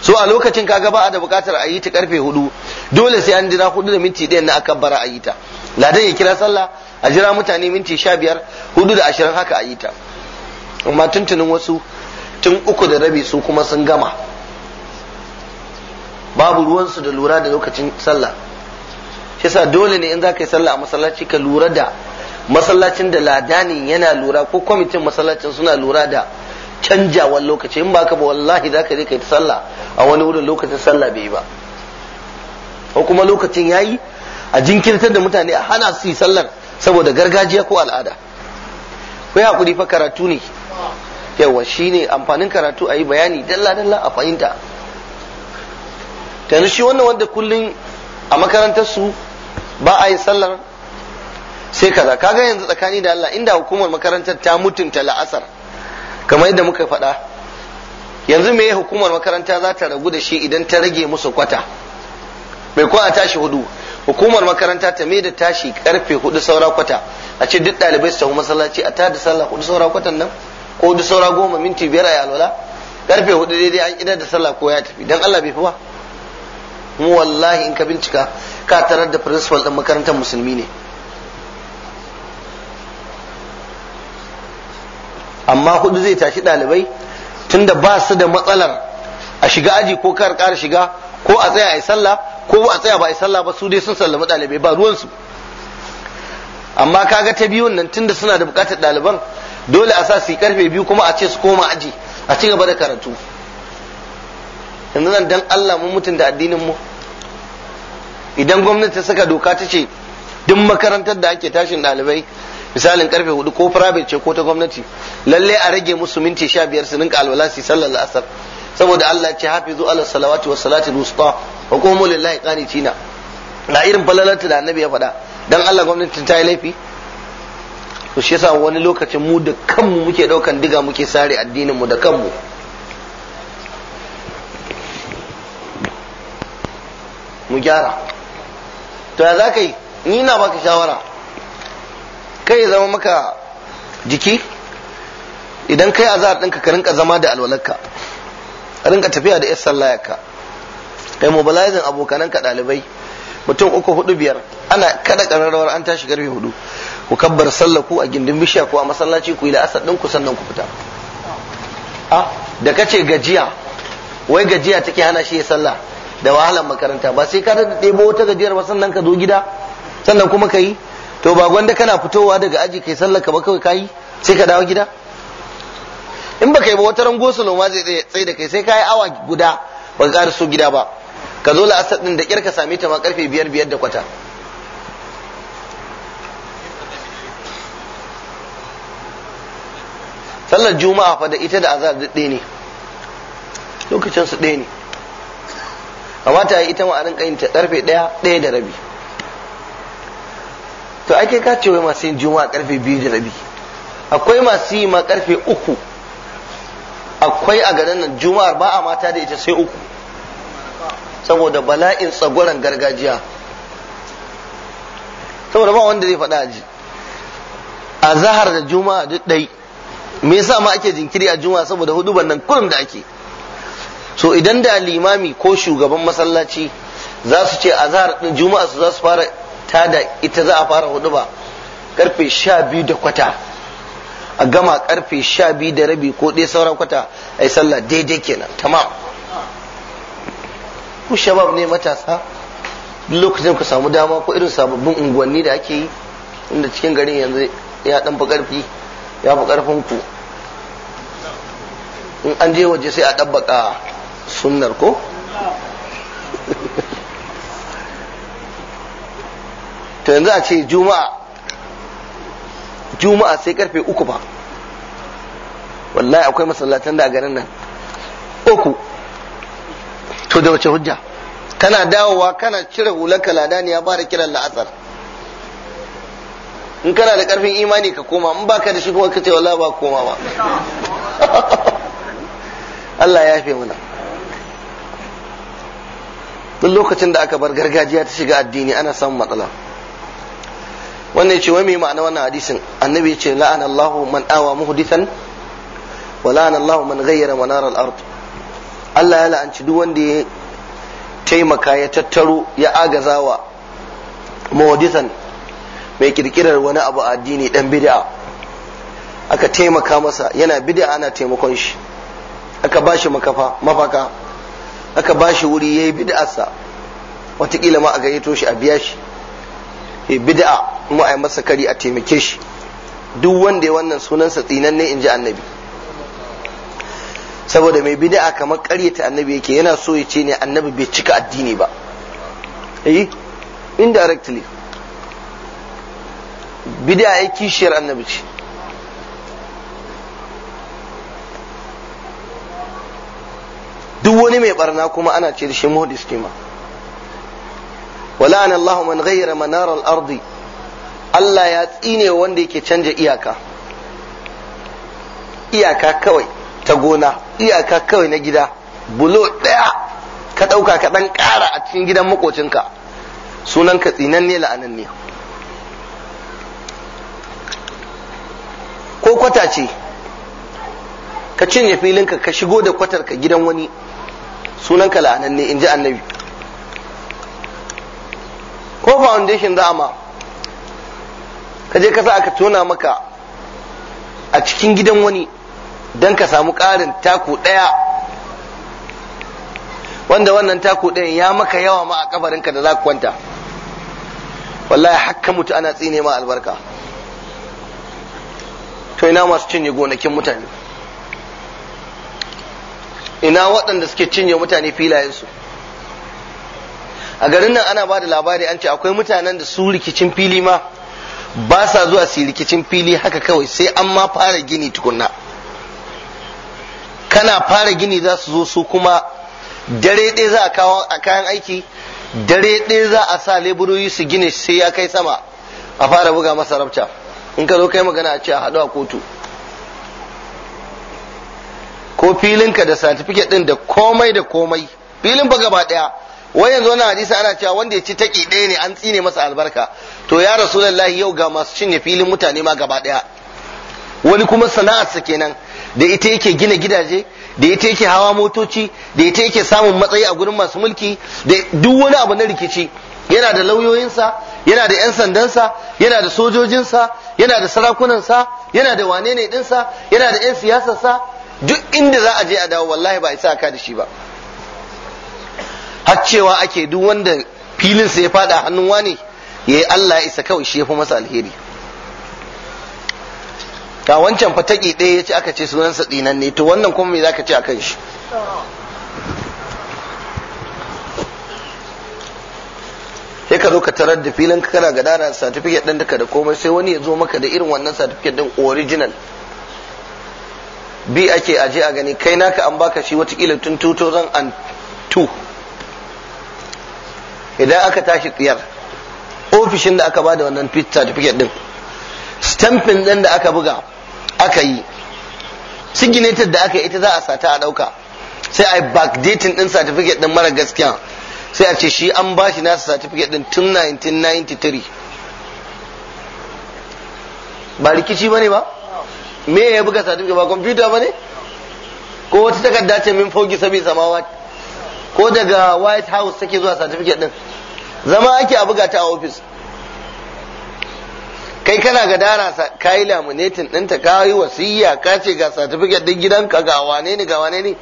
so a lokacin kaga ba a da bukatar a yi ta karfe hudu dole sai an jira hudu da minti ɗaya na aka bara a yi ta ladan ya kira sallah a jira mutane minti sha biyar hudu da ashirin haka a yi ta amma tuntunin wasu tun uku da rabi su kuma sun gama babu ruwansu da lura da lokacin sallah shi sa dole ne in za ka yi sallah a masallaci ka lura da masallacin da ladanin yana lura ko kwamitin masallacin suna lura da canjawan lokaci in ba ka ba wallahi za ka je ka yi ta sallah a wani wurin lokacin sallah bai yi ba ko kuma lokacin ya yi a jinkirtar da mutane a hana su yi sallar saboda gargajiya ko al'ada ko ya kudi fa karatu ne yawa shine amfanin karatu a yi bayani dalla dalla a fahimta ta shi wannan wanda kullum a makarantar su ba a yi sallar sai kaza kaga yanzu tsakani da Allah inda hukumar makarantar ta mutunta la'asar kamar yadda muka faɗa yanzu me hukumar makaranta za ta ragu da shi idan ta rage musu kwata mai ko a tashi hudu hukumar makaranta ta da tashi karfe hudu saura kwata a ce duk ɗalibai su tafi masallaci a tada sallah hudu saura kwatan nan ko hudu saura goma minti biyar a alwala karfe hudu daidai an idar da sallah ko ya tafi dan Allah bai fi ba mu wallahi in ka bincika ka tarar da principal din makarantar musulmi ne amma hudu zai tashi ɗalibai tunda ba su da matsalar a shiga aji ko kar ƙara shiga ko a tsaya a sallah ko a tsaya ba a sallah ba su dai sun sallama ɗalibai ba ruwansu amma kaga ta biyun nan tunda suna da buƙatar ɗaliban dole a sa su karfe biyu kuma a ce su koma aji a ci gaba da karatu yanzu nan dan Allah mun mutunta addinin mu idan gwamnati ta saka doka ta ce duk makarantar da ake tashin ɗalibai misalin karfe hudu ko private ce ko ta gwamnati lalle a rage musu minti sha biyar su ninka alwalasi su sallar asar saboda Allah ce hafizu ala salawati wa salati wusta wa qumu lillahi qanitina na irin balalata da annabi ya faɗa dan Allah gwamnatin ta yi laifi to shi yasa wani lokacin mu da kanmu muke daukan diga muke sare addinin mu da kanmu mu gyara to ya zaka yi ni na baka shawara kai zama maka jiki idan kai azahar ɗinka ka rinka zama da alwalarka rinka tafiya da yar layaka kai mobilizing abokananka ɗalibai mutum uku hudu biyar ana kada ƙararrawar an tashi garfe hudu ku kabbar sallah ku a gindin bishiya ko a masallaci ku yi la'asar ɗinku sannan ku fita da ka ce gajiya wai gajiya take hana shi ya sallah da wahalar makaranta ba sai ka da ɗebo wata gajiyar ba sannan ka zo gida sannan kuma ka yi to ba gwanda kana fitowa daga aji kai sallar ka ba kawai kayi sai ka dawo gida in ba kai ba wata rango ma zai tsaye da kai sai kayi awa guda ba ka so gida ba ka zo la'asar din da kyar ka same ta ma karfe biyar biyar da kwata sallar juma'a fa da ita da azar duk ɗaya ne lokacin su ɗaya ne kamata ita ma a rinka yin ta karfe ɗaya ɗaya da rabi to ake ka ce wai masu yin juma'a karfe biyu da rabi akwai masu yi ma karfe uku akwai a garin nan juma'ar ba a mata da ita sai uku saboda bala'in tsagoran gargajiya saboda ba wanda zai faɗa ji a zahar da juma'a duk ɗai me yasa ma ake jinkiri a juma'a saboda huduban nan kurum da ake so idan da limami ko shugaban masallaci za su ce a zahar juma'a su za su fara tada ita za a fara hudu ba karfe sha biyu da kwata a gama karfe sha biyu da rabi ko ɗaya sauran kwata a yi sallah daidai kenan tamam ku shabab ne matasa lokacin ku samu dama ko irin sababbin unguwanni da ake yi inda cikin garin yanzu ya dan fi karfi ya fi karfin ku in an je waje sai a ɗabbaka sunnar ko to yanzu a ce juma'a juma'a sai karfe uku ba wallahi akwai masallatan da a garin nan uku to da wace hujja kana dawowa kana cire kalada ladani ya bada kiran la'asar in kana da karfin imani ka koma in baka da shi kuma ka ce wallahi ba koma ba <laughs> Allah ya yafe mana duk lokacin da aka bar gargajiya ta shiga addini ana samun matsala wannan ya ce wai mai ma'ana wannan hadisin annabi ya ce la'ana Allahu man awa muhdithan wa la'ana Allahu man ghayyara manar al Allah ya la'anci duk wanda ya taimaka ya tattaro ya agazawa muhdithan mai kirkirar wani abu a addini dan bid'a aka taimaka masa yana bid'a ana taimakon shi aka bashi makafa mafaka aka ba shi wuri yayi bid'arsa watakila ma a gayyato shi a biya shi Eh, bid'a kuma a yi masa kari a taimake shi duk wanda ya wannan sunansa tsinanne in ji annabi saboda mai bid'a kamar karyata annabi yake yana so ya ce ne annabi bai cika addini ba eh indirectly bid'a ya kishiyar annabi ce duk wani mai barna kuma ana ce da shi muhdis kima wala'ana Allahu man ghayyara manar al-ardi Allah ya tsine wanda yake canja iyaka iyaka kawai ta gona iyaka kawai na gida bulo daya ka dauka ka dan kara a cikin gidan makocinka sunan ka tsinan ne la'anan ne ko kwata ce ka cinye filinka ka shigo da kwatar ka gidan wani sunan ka la'anan ne in ji annabi ko foundation za a ma ka je kasa aka tona maka a cikin gidan wani don ka samu ƙarin taku ɗaya wanda wannan taku ɗayan ya maka yawa ma a ka da za ku kwanta wallahi hakka mutu ana tsine ma albarka to ina masu cinye gonakin mutane ina waɗanda suke cinye mutane filayensu a garin nan ana ba da labari an ce akwai mutanen da su rikicin fili ma ba sa zuwa su rikicin fili haka kawai sai an ma fara gini tukunna kana fara gini za su zo su kuma dare ɗaya za a kawo a kayan aiki dare ɗaya za a sa leburoyi su gine sai ya kai sama a fara buga masa rabta in ka zo kai magana a ce a haɗu a kotu ko filinka da satifiket ɗin da komai da komai filin ba gaba ɗaya wai yanzu wannan hadisi ana cewa wanda ya ci taki ɗaya ne an tsine masa albarka to ya rasulullahi yau ga masu cinye filin mutane ma gaba ɗaya wani kuma sana'ar sa kenan da ita yake gina gidaje da ita yake hawa motoci da ita yake samun matsayi a gurin masu mulki da duk wani abu na rikici yana da lauyoyinsa yana da 'yan sandansa yana da sojojinsa yana da sarakunansa yana da wane ne dinsa yana da 'yan sa. duk inda za a je a dawo wallahi ba isa ka da shi ba har cewa ake duk wanda filinsa ya fada hannun wani ya yi Allah ya isa kawai shi ya fi masa alheri ka wancan fataki ɗaya ya ce aka ce sunansa dinan ne to wannan kuma me za ka ce a shi sai ka zo ka tarar da filin ka kana gadara certificate ɗin duka da komai sai wani ya zo maka da irin wannan certificate ɗin original bi ake aje a gani kai naka an baka shi watakila tun 2002 idan aka tashi tsiyar ofishin da aka bada wannan fit certificate din stamping din da aka buga aka yi signature da aka yi ita za a sata a dauka sai a backdating din certificate din mara gaskiya sai a ce shi an ba shi nasa certificate din tun 1993 ba rikici bane ba me ya buga certificate ba computer bane ko wata takarda ce min fogi sabi samawa ko daga white house take zuwa certificate din zama ake a buga ta a ofis kai kana ga dara ka yi laminatin ta, ka yi wasiyya ka ce ga certificate din gidanka ga wane ne ga wane ne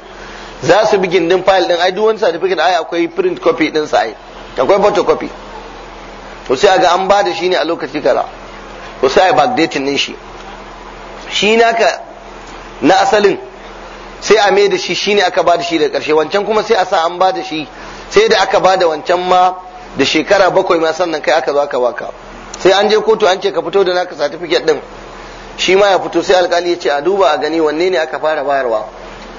za su bi gindin fayil din ai duk wani certificate ai akwai print copy din sa ai akwai photocopy to sai ga an bada shi ne a lokaci kaza to sai ai backdating din shi shi naka na asalin sai a mai da shi shine aka ba da shi da karshe wancan kuma sai a sa an ba da shi sai da aka ba da wancan ma da shekara bakwai ma sannan kai aka zo aka baka sai an je kotu an ce ka fito da naka certificate din shi ma ya fito sai alkali ya ce a duba a gani wanne ne aka fara bayarwa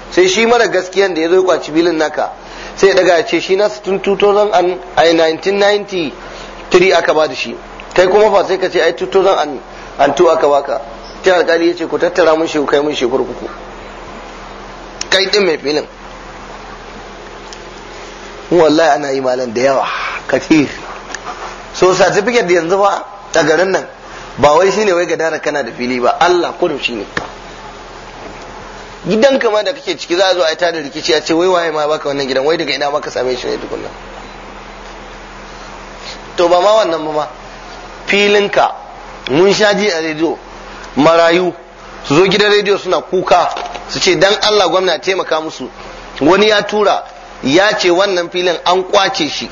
sai shi mara gaskiyan da ya zo ya kwaci bilin naka sai daga ya ce shi na tun 1993 eh, aka ba shi kai kuma fa sai ka ce ai 2002 aka baka sai alkali ya ce ku tattara mun shi ku kai mun shi kurkuku kai din mai filin wallahi ana yi malam da yawa katir so certificate da yanzu ba a garin nan ba wai shine wai gadara kana da fili ba Allah kudu shine gidan kama da kake ciki za a zo a da rikici a ce wai waye ma baka wannan gidan wai daga ina baka sami same shi ne tukunna to ba ma wannan ba ma filinka mun sha ji a rediyo marayu su zo gidan rediyo suna kuka su ce dan Allah gwamna taimaka musu wani ya tura ya ce wannan filin an kwace shi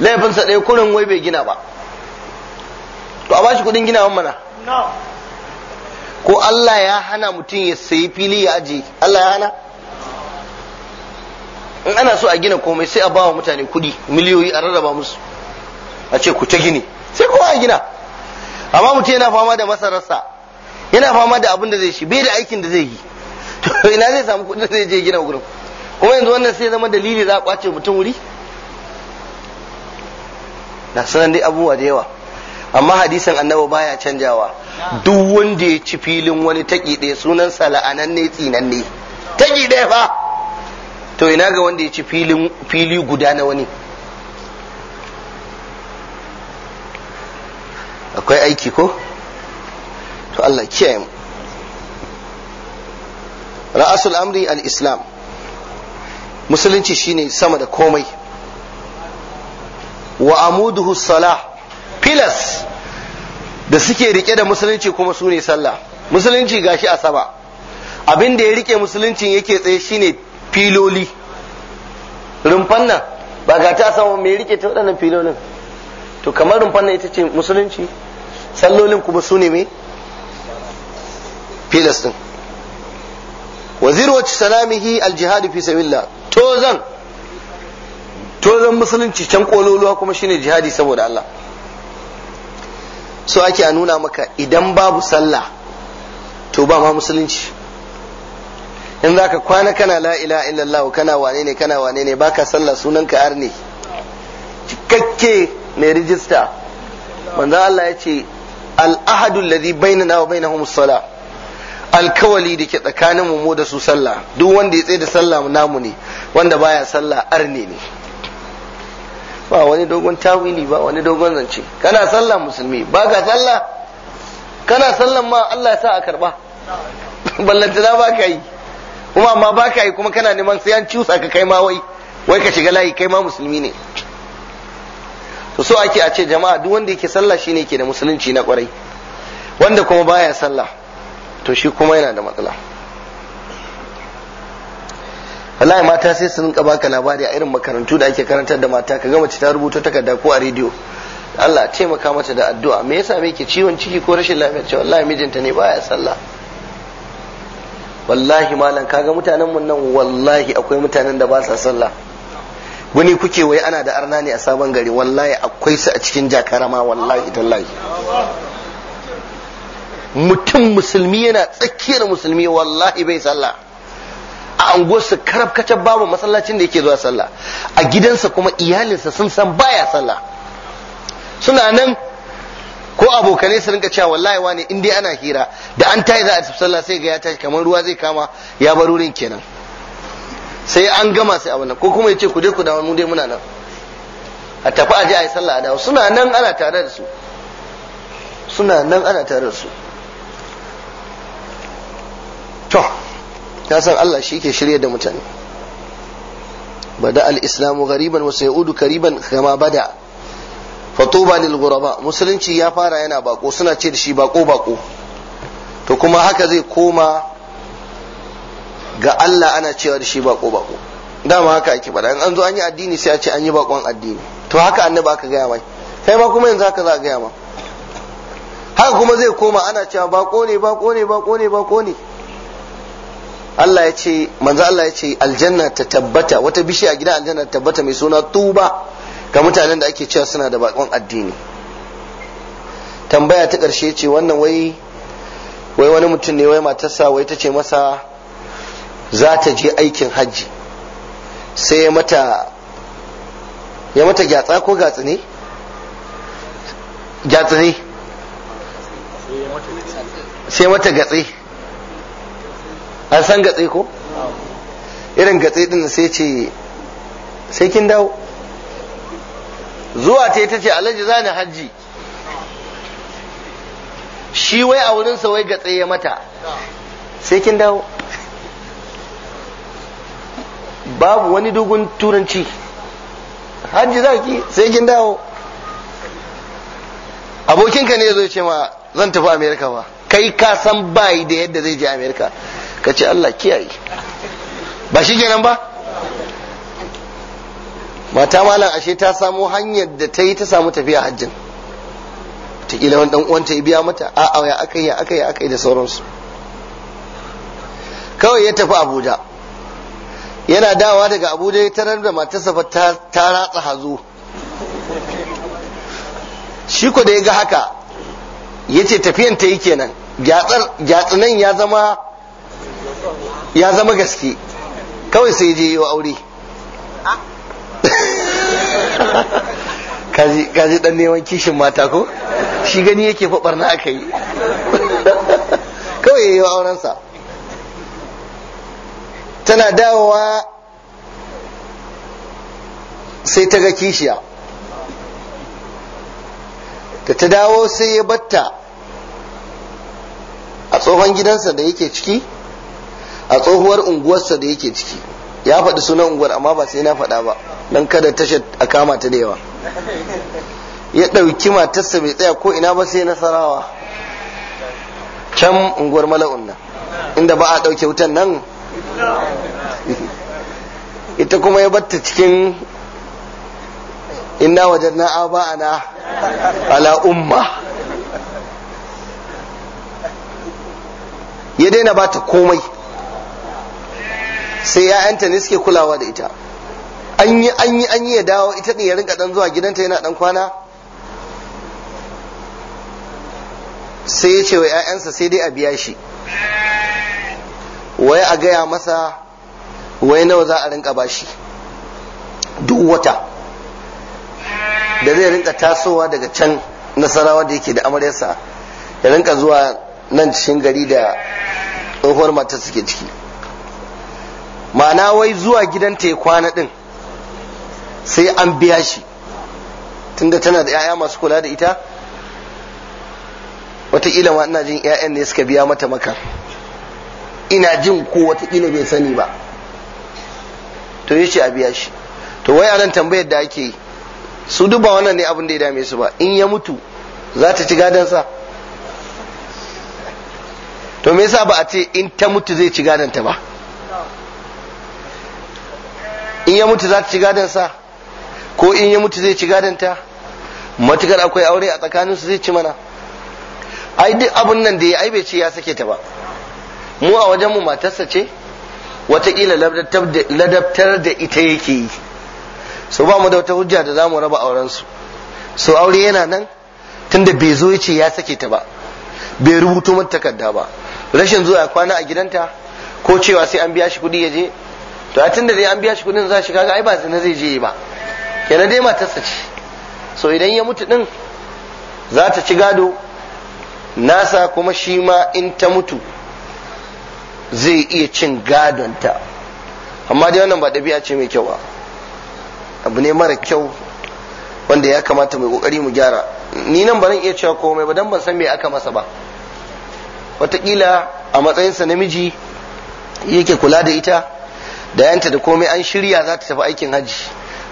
laifinsa ɗaya kurin wai bai gina ba to a bashi kudin ginawan mana ko Allah ya hana mutum ya sayi fili ya aje Allah ya hana in ana so a gina komai sai a bawa mutane kudi miliyoyi a rarraba musu a ce ku ta gini sai kowa ya gina amma mutum yana fama da masararsa yana fama da abin da zai shi bai da aikin da zai yi <laughs> to ina zai samu kuɗi da zai je gina gurin kuma yanzu wannan sai zama dalili za a kwace mutum wuri na sanan dai abubuwa da yawa amma hadisin annabi baya canjawa duk wanda ya ci filin wani taƙi ɗaya ne tsinan ne, taƙi ɗaya fa to ina ga wanda ya ci fili guda na wani akwai aiki ko to Allah kiyaye mu ra'asul amri al-islam musulunci shine sama da komai wa amuduhu salah filas da suke rike da musulunci kuma su ne sallah musulunci gashi a abin da ya rike musuluncin yake tsaye shine filoli rumfan nan ba ga ta sama mai rike ta waɗannan filolin to kamar rumfan nan ita ce musulunci sallolin kuma su ne me filas din wazir wacce salamihi aljihadi fi sabilillah to zan to zan musulunci can kololuwa kuma shine jihadi saboda Allah so ake a nuna maka idan babu sallah to ba ma musulunci in za ka kwana kana la ila illallah kana wane ne kana wane ne baka sallah sunanka arne cikakke mai rijista manzo Allah ya ce al-ahadu alladhi bainana wa bainahum as-salah alkawali da ke tsakanin mu da su sallah duk wanda ya tsaye da sallah namu ne wanda baya sallah arne ne ba wani dogon tawili ba wani dogon zance kana sallah musulmi ba ka sallah kana sallan ma Allah ya sa a karba <laughs> ballantana ba ka yi kuma amma ba ka yi kuma kana neman sai an ciusa ka kai ma wai wai ka shiga layi kai ma musulmi ne to so ake a ce jama'a duk wanda yake sallah shine yake da musulunci na kwarai wanda kuma baya sallah to shi kuma yana da matsala wallahi mata sai su rinka baka labari a irin makarantu da ake karantar da mata ka gama ta rubuta takarda ko a rediyo Allah taimaka mata da addu'a me yasa me ke ciwon ciki ko rashin lafiya ce wallahi mijinta ne baya sallah wallahi malam kaga mutanen mun nan wallahi akwai mutanen da ba sa sallah wani kuke wai ana da arna ne a sabon gari wallahi akwai su a cikin jakarama wallahi tallahi mutum musulmi yana tsakiyar musulmi wallahi bai sallah a anguwarsa karab kacar babu masallacin da yake zuwa sallah a gidansa kuma iyalinsa sun san baya sallah suna nan ko abokanai su rinka cewa wallahi wani in dai ana hira da an tayi za a sallah sai ga ya tashi kamar ruwa zai kama ya bar wurin kenan sai an gama sai a wannan, ko kuma ya ce ku je ku dawo mu dai muna nan a tafi aje a yi sallah a dawo suna nan ana tare da su suna nan ana tare da su to ya san Allah shi ke shirye da mutane bada al-islamu ghariban wa sayudu kariban kama bada tuba lil ghuraba musulunci ya fara yana bako suna ce da shi bako bako to kuma haka zai koma ga Allah ana cewa da shi bako bako dama haka ake faɗa in an zo an yi addini sai a ce an yi bakon addini to haka annabi aka gaya mai kai ma kuma yanzu haka za a gaya ma haka kuma zai koma ana cewa bako ne bako ne bako ne bako ne Allah ya ce manzo Allah ya ce aljanna ta tabbata wata bishiya gidan aljanna ta tabbata mai suna tuba ga mutanen da ake cewa suna da bakon addini tambaya ta karshe ce wannan wai wai wani mutum ne wai matarsa wai ta ce masa za ta je aikin hajji sai ya mata ya mata gyatsa ko gatsi ne? Gatsi ne sai mata gatsi an san gatsi ko? irin gatsi din sai ce sai kin dawo zuwa ta ta ce alhaji za ni hajji shi wai a wurinsa wai gatsi ya mata sai kin dawo babu wani dogon turanci hajji za ki sai kin dawo abokinka ne zai ce ma zan tafi amerika ba kai ka san bayi da yadda zai je amerika ka ce allah kiyaye ba shi kenan ba mata malam ashe ta samu hanyar da ta yi ta samu tafiya hajjin ta wani dan ta ya biya mata a'a ya aka yi aka yi aka yi da sauransu kawai ya tafi abuja yana dawa daga abuja ya tarar da matarsa ba ta ratsa hazo shi ko da ya ga haka ya ce tafiyan ta yi kenan gyatsinan ya zama ya zama gaske kawai sai je yi wa aure <laughs> kaji dan neman kishin mata ko shi gani yake fa na aka yi <laughs> kawai ya yi wa aurensa tana dawowa sai ta ga kishiya da ta dawo sai ya batta a tsohon gidansa da yake ciki a tsohuwar unguwarsa da yake ciki ya faɗi sunan unguwar amma ba sai na faɗa ba don kada tashar a kama ta da yawa ya ɗauki matarsa mai tsaya ko ina ba sai nasarawa can unguwar mala'un nan inda ba a ɗauke wutan nan ita kuma ya batta cikin inna na aba'ana ala umma ya daina ba ta komai sai ya'yanta ne suke kulawa da ita an yi an yi an yi ya dawo ita ne ya rinka dan zuwa gidanta yana dan kwana sai ya ce wa 'ya'yansa sai dai a biya shi wai a gaya masa wai nawa za a rinka bashi duk wata da zai rinka tasowa daga can nasarawa da yake da amaryarsa ya rinka zuwa nan cikin gari da tsohuwar matar suke ciki ma'ana wai zuwa gidanta ya kwana din sai an biya shi tunda tana da 'ya'ya masu kula da ita wataƙila ma ina jin 'ya'yan ne suka biya mata maka ina jin ko watakila bai sani ba to ya ce a biya shi to wai anan tambayar da ake yi su duba wannan ne abin da ya dame su ba in ya mutu za ta ci gadansa to me yasa ba a ce in ta mutu zai ci gadanta ba in ya mutu za ta ci gadansa ko in ya mutu zai ci gadanta matukar akwai aure a tsakaninsu zai ci mana ai duk abun nan da ya ai bai ce ya sake ta ba mu a wajenmu matarsa ce watakila ladabtar da ita yake yi so ba mu da wata hujja da za mu raba aurensu so aure yana nan tunda bai zo ya ce ya sake ta ba bai rubuto mata takarda ba rashin zuwa kwana a gidanta ko cewa sai an biya shi kuɗi ya je to a tunda dai an biya shi kuɗin za shi kaga ai ba zina zai je ba kenan dai matarsa ce so idan ya mutu din za ta ci gado nasa kuma shi ma in ta mutu zai iya cin gadon ta amma dai wannan ba ɗabi'a ce mai kyau ba abu ne mara kyau wanda ya kamata mai kokari mu gyara ni nan ba zan iya cewa komai ba dan ban san me aka masa ba wataƙila a matsayinsa namiji yake kula da ita da yanta da komai an shirya za ta tafi aikin hajji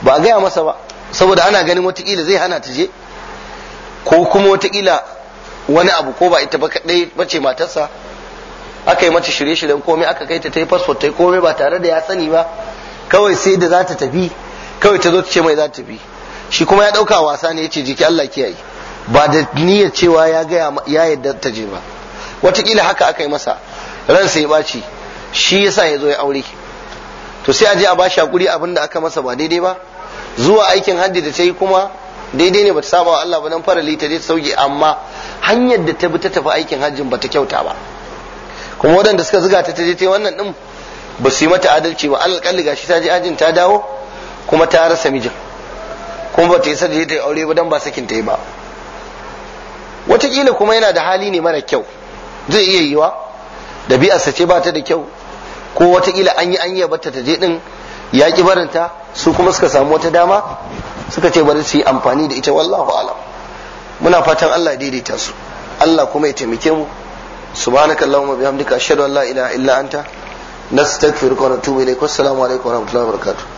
ba a gaya masa ba saboda ana ganin wataƙila zai hana ta je ko kuma wataƙila wani abu ko ba ita ba kaɗai bace matarsa aka yi mata shirye-shiryen komai aka kai ta ta yi fasfot ta yi komai ba tare da ya sani ba kawai sai da za ta tafi kawai ta zo ta ce mai za ta tafi shi kuma ya ɗauka wasa ne ya ce jiki Allah kiyaye ba da niyyar cewa ya gaya ya yadda ta je ba wataƙila haka aka yi masa ransa ya baci shi yasa ya zo ya aure to sai a je a bashi hakuri abin da aka masa ba daidai ba zuwa aikin haddi da ta yi kuma daidai ne bata saba wa Allah ba nan farali ta je ta amma hanyar da ta bi ta tafi aikin hajjin bata kyauta ba kuma waɗanda suka zuga ta ta ta wannan din ba su yi mata adalci ba alƙalli gashi ta je ajin ta dawo kuma ta rasa mijin kuma ba ta yi sadaje ta aure ba dan ba sakin ta yi ba wataƙila kuma yana da hali ne mara kyau zai iya yiwa ɗabi'arsa ce ba ta da kyau ko wataƙila an yi an yi ta taje ɗin ya ƙi barinta su kuma suka samu wata dama suka ce bari su yi amfani da ita wallahu alam muna fatan Allah ya daidaita su Allah kuma ya taimake mu subhanakallahumma bihamdika ashhadu an la ilaha illa anta nastaghfiruka wa natubu ilaik wassalamu alaikum wa rahmatullahi wa barakatuh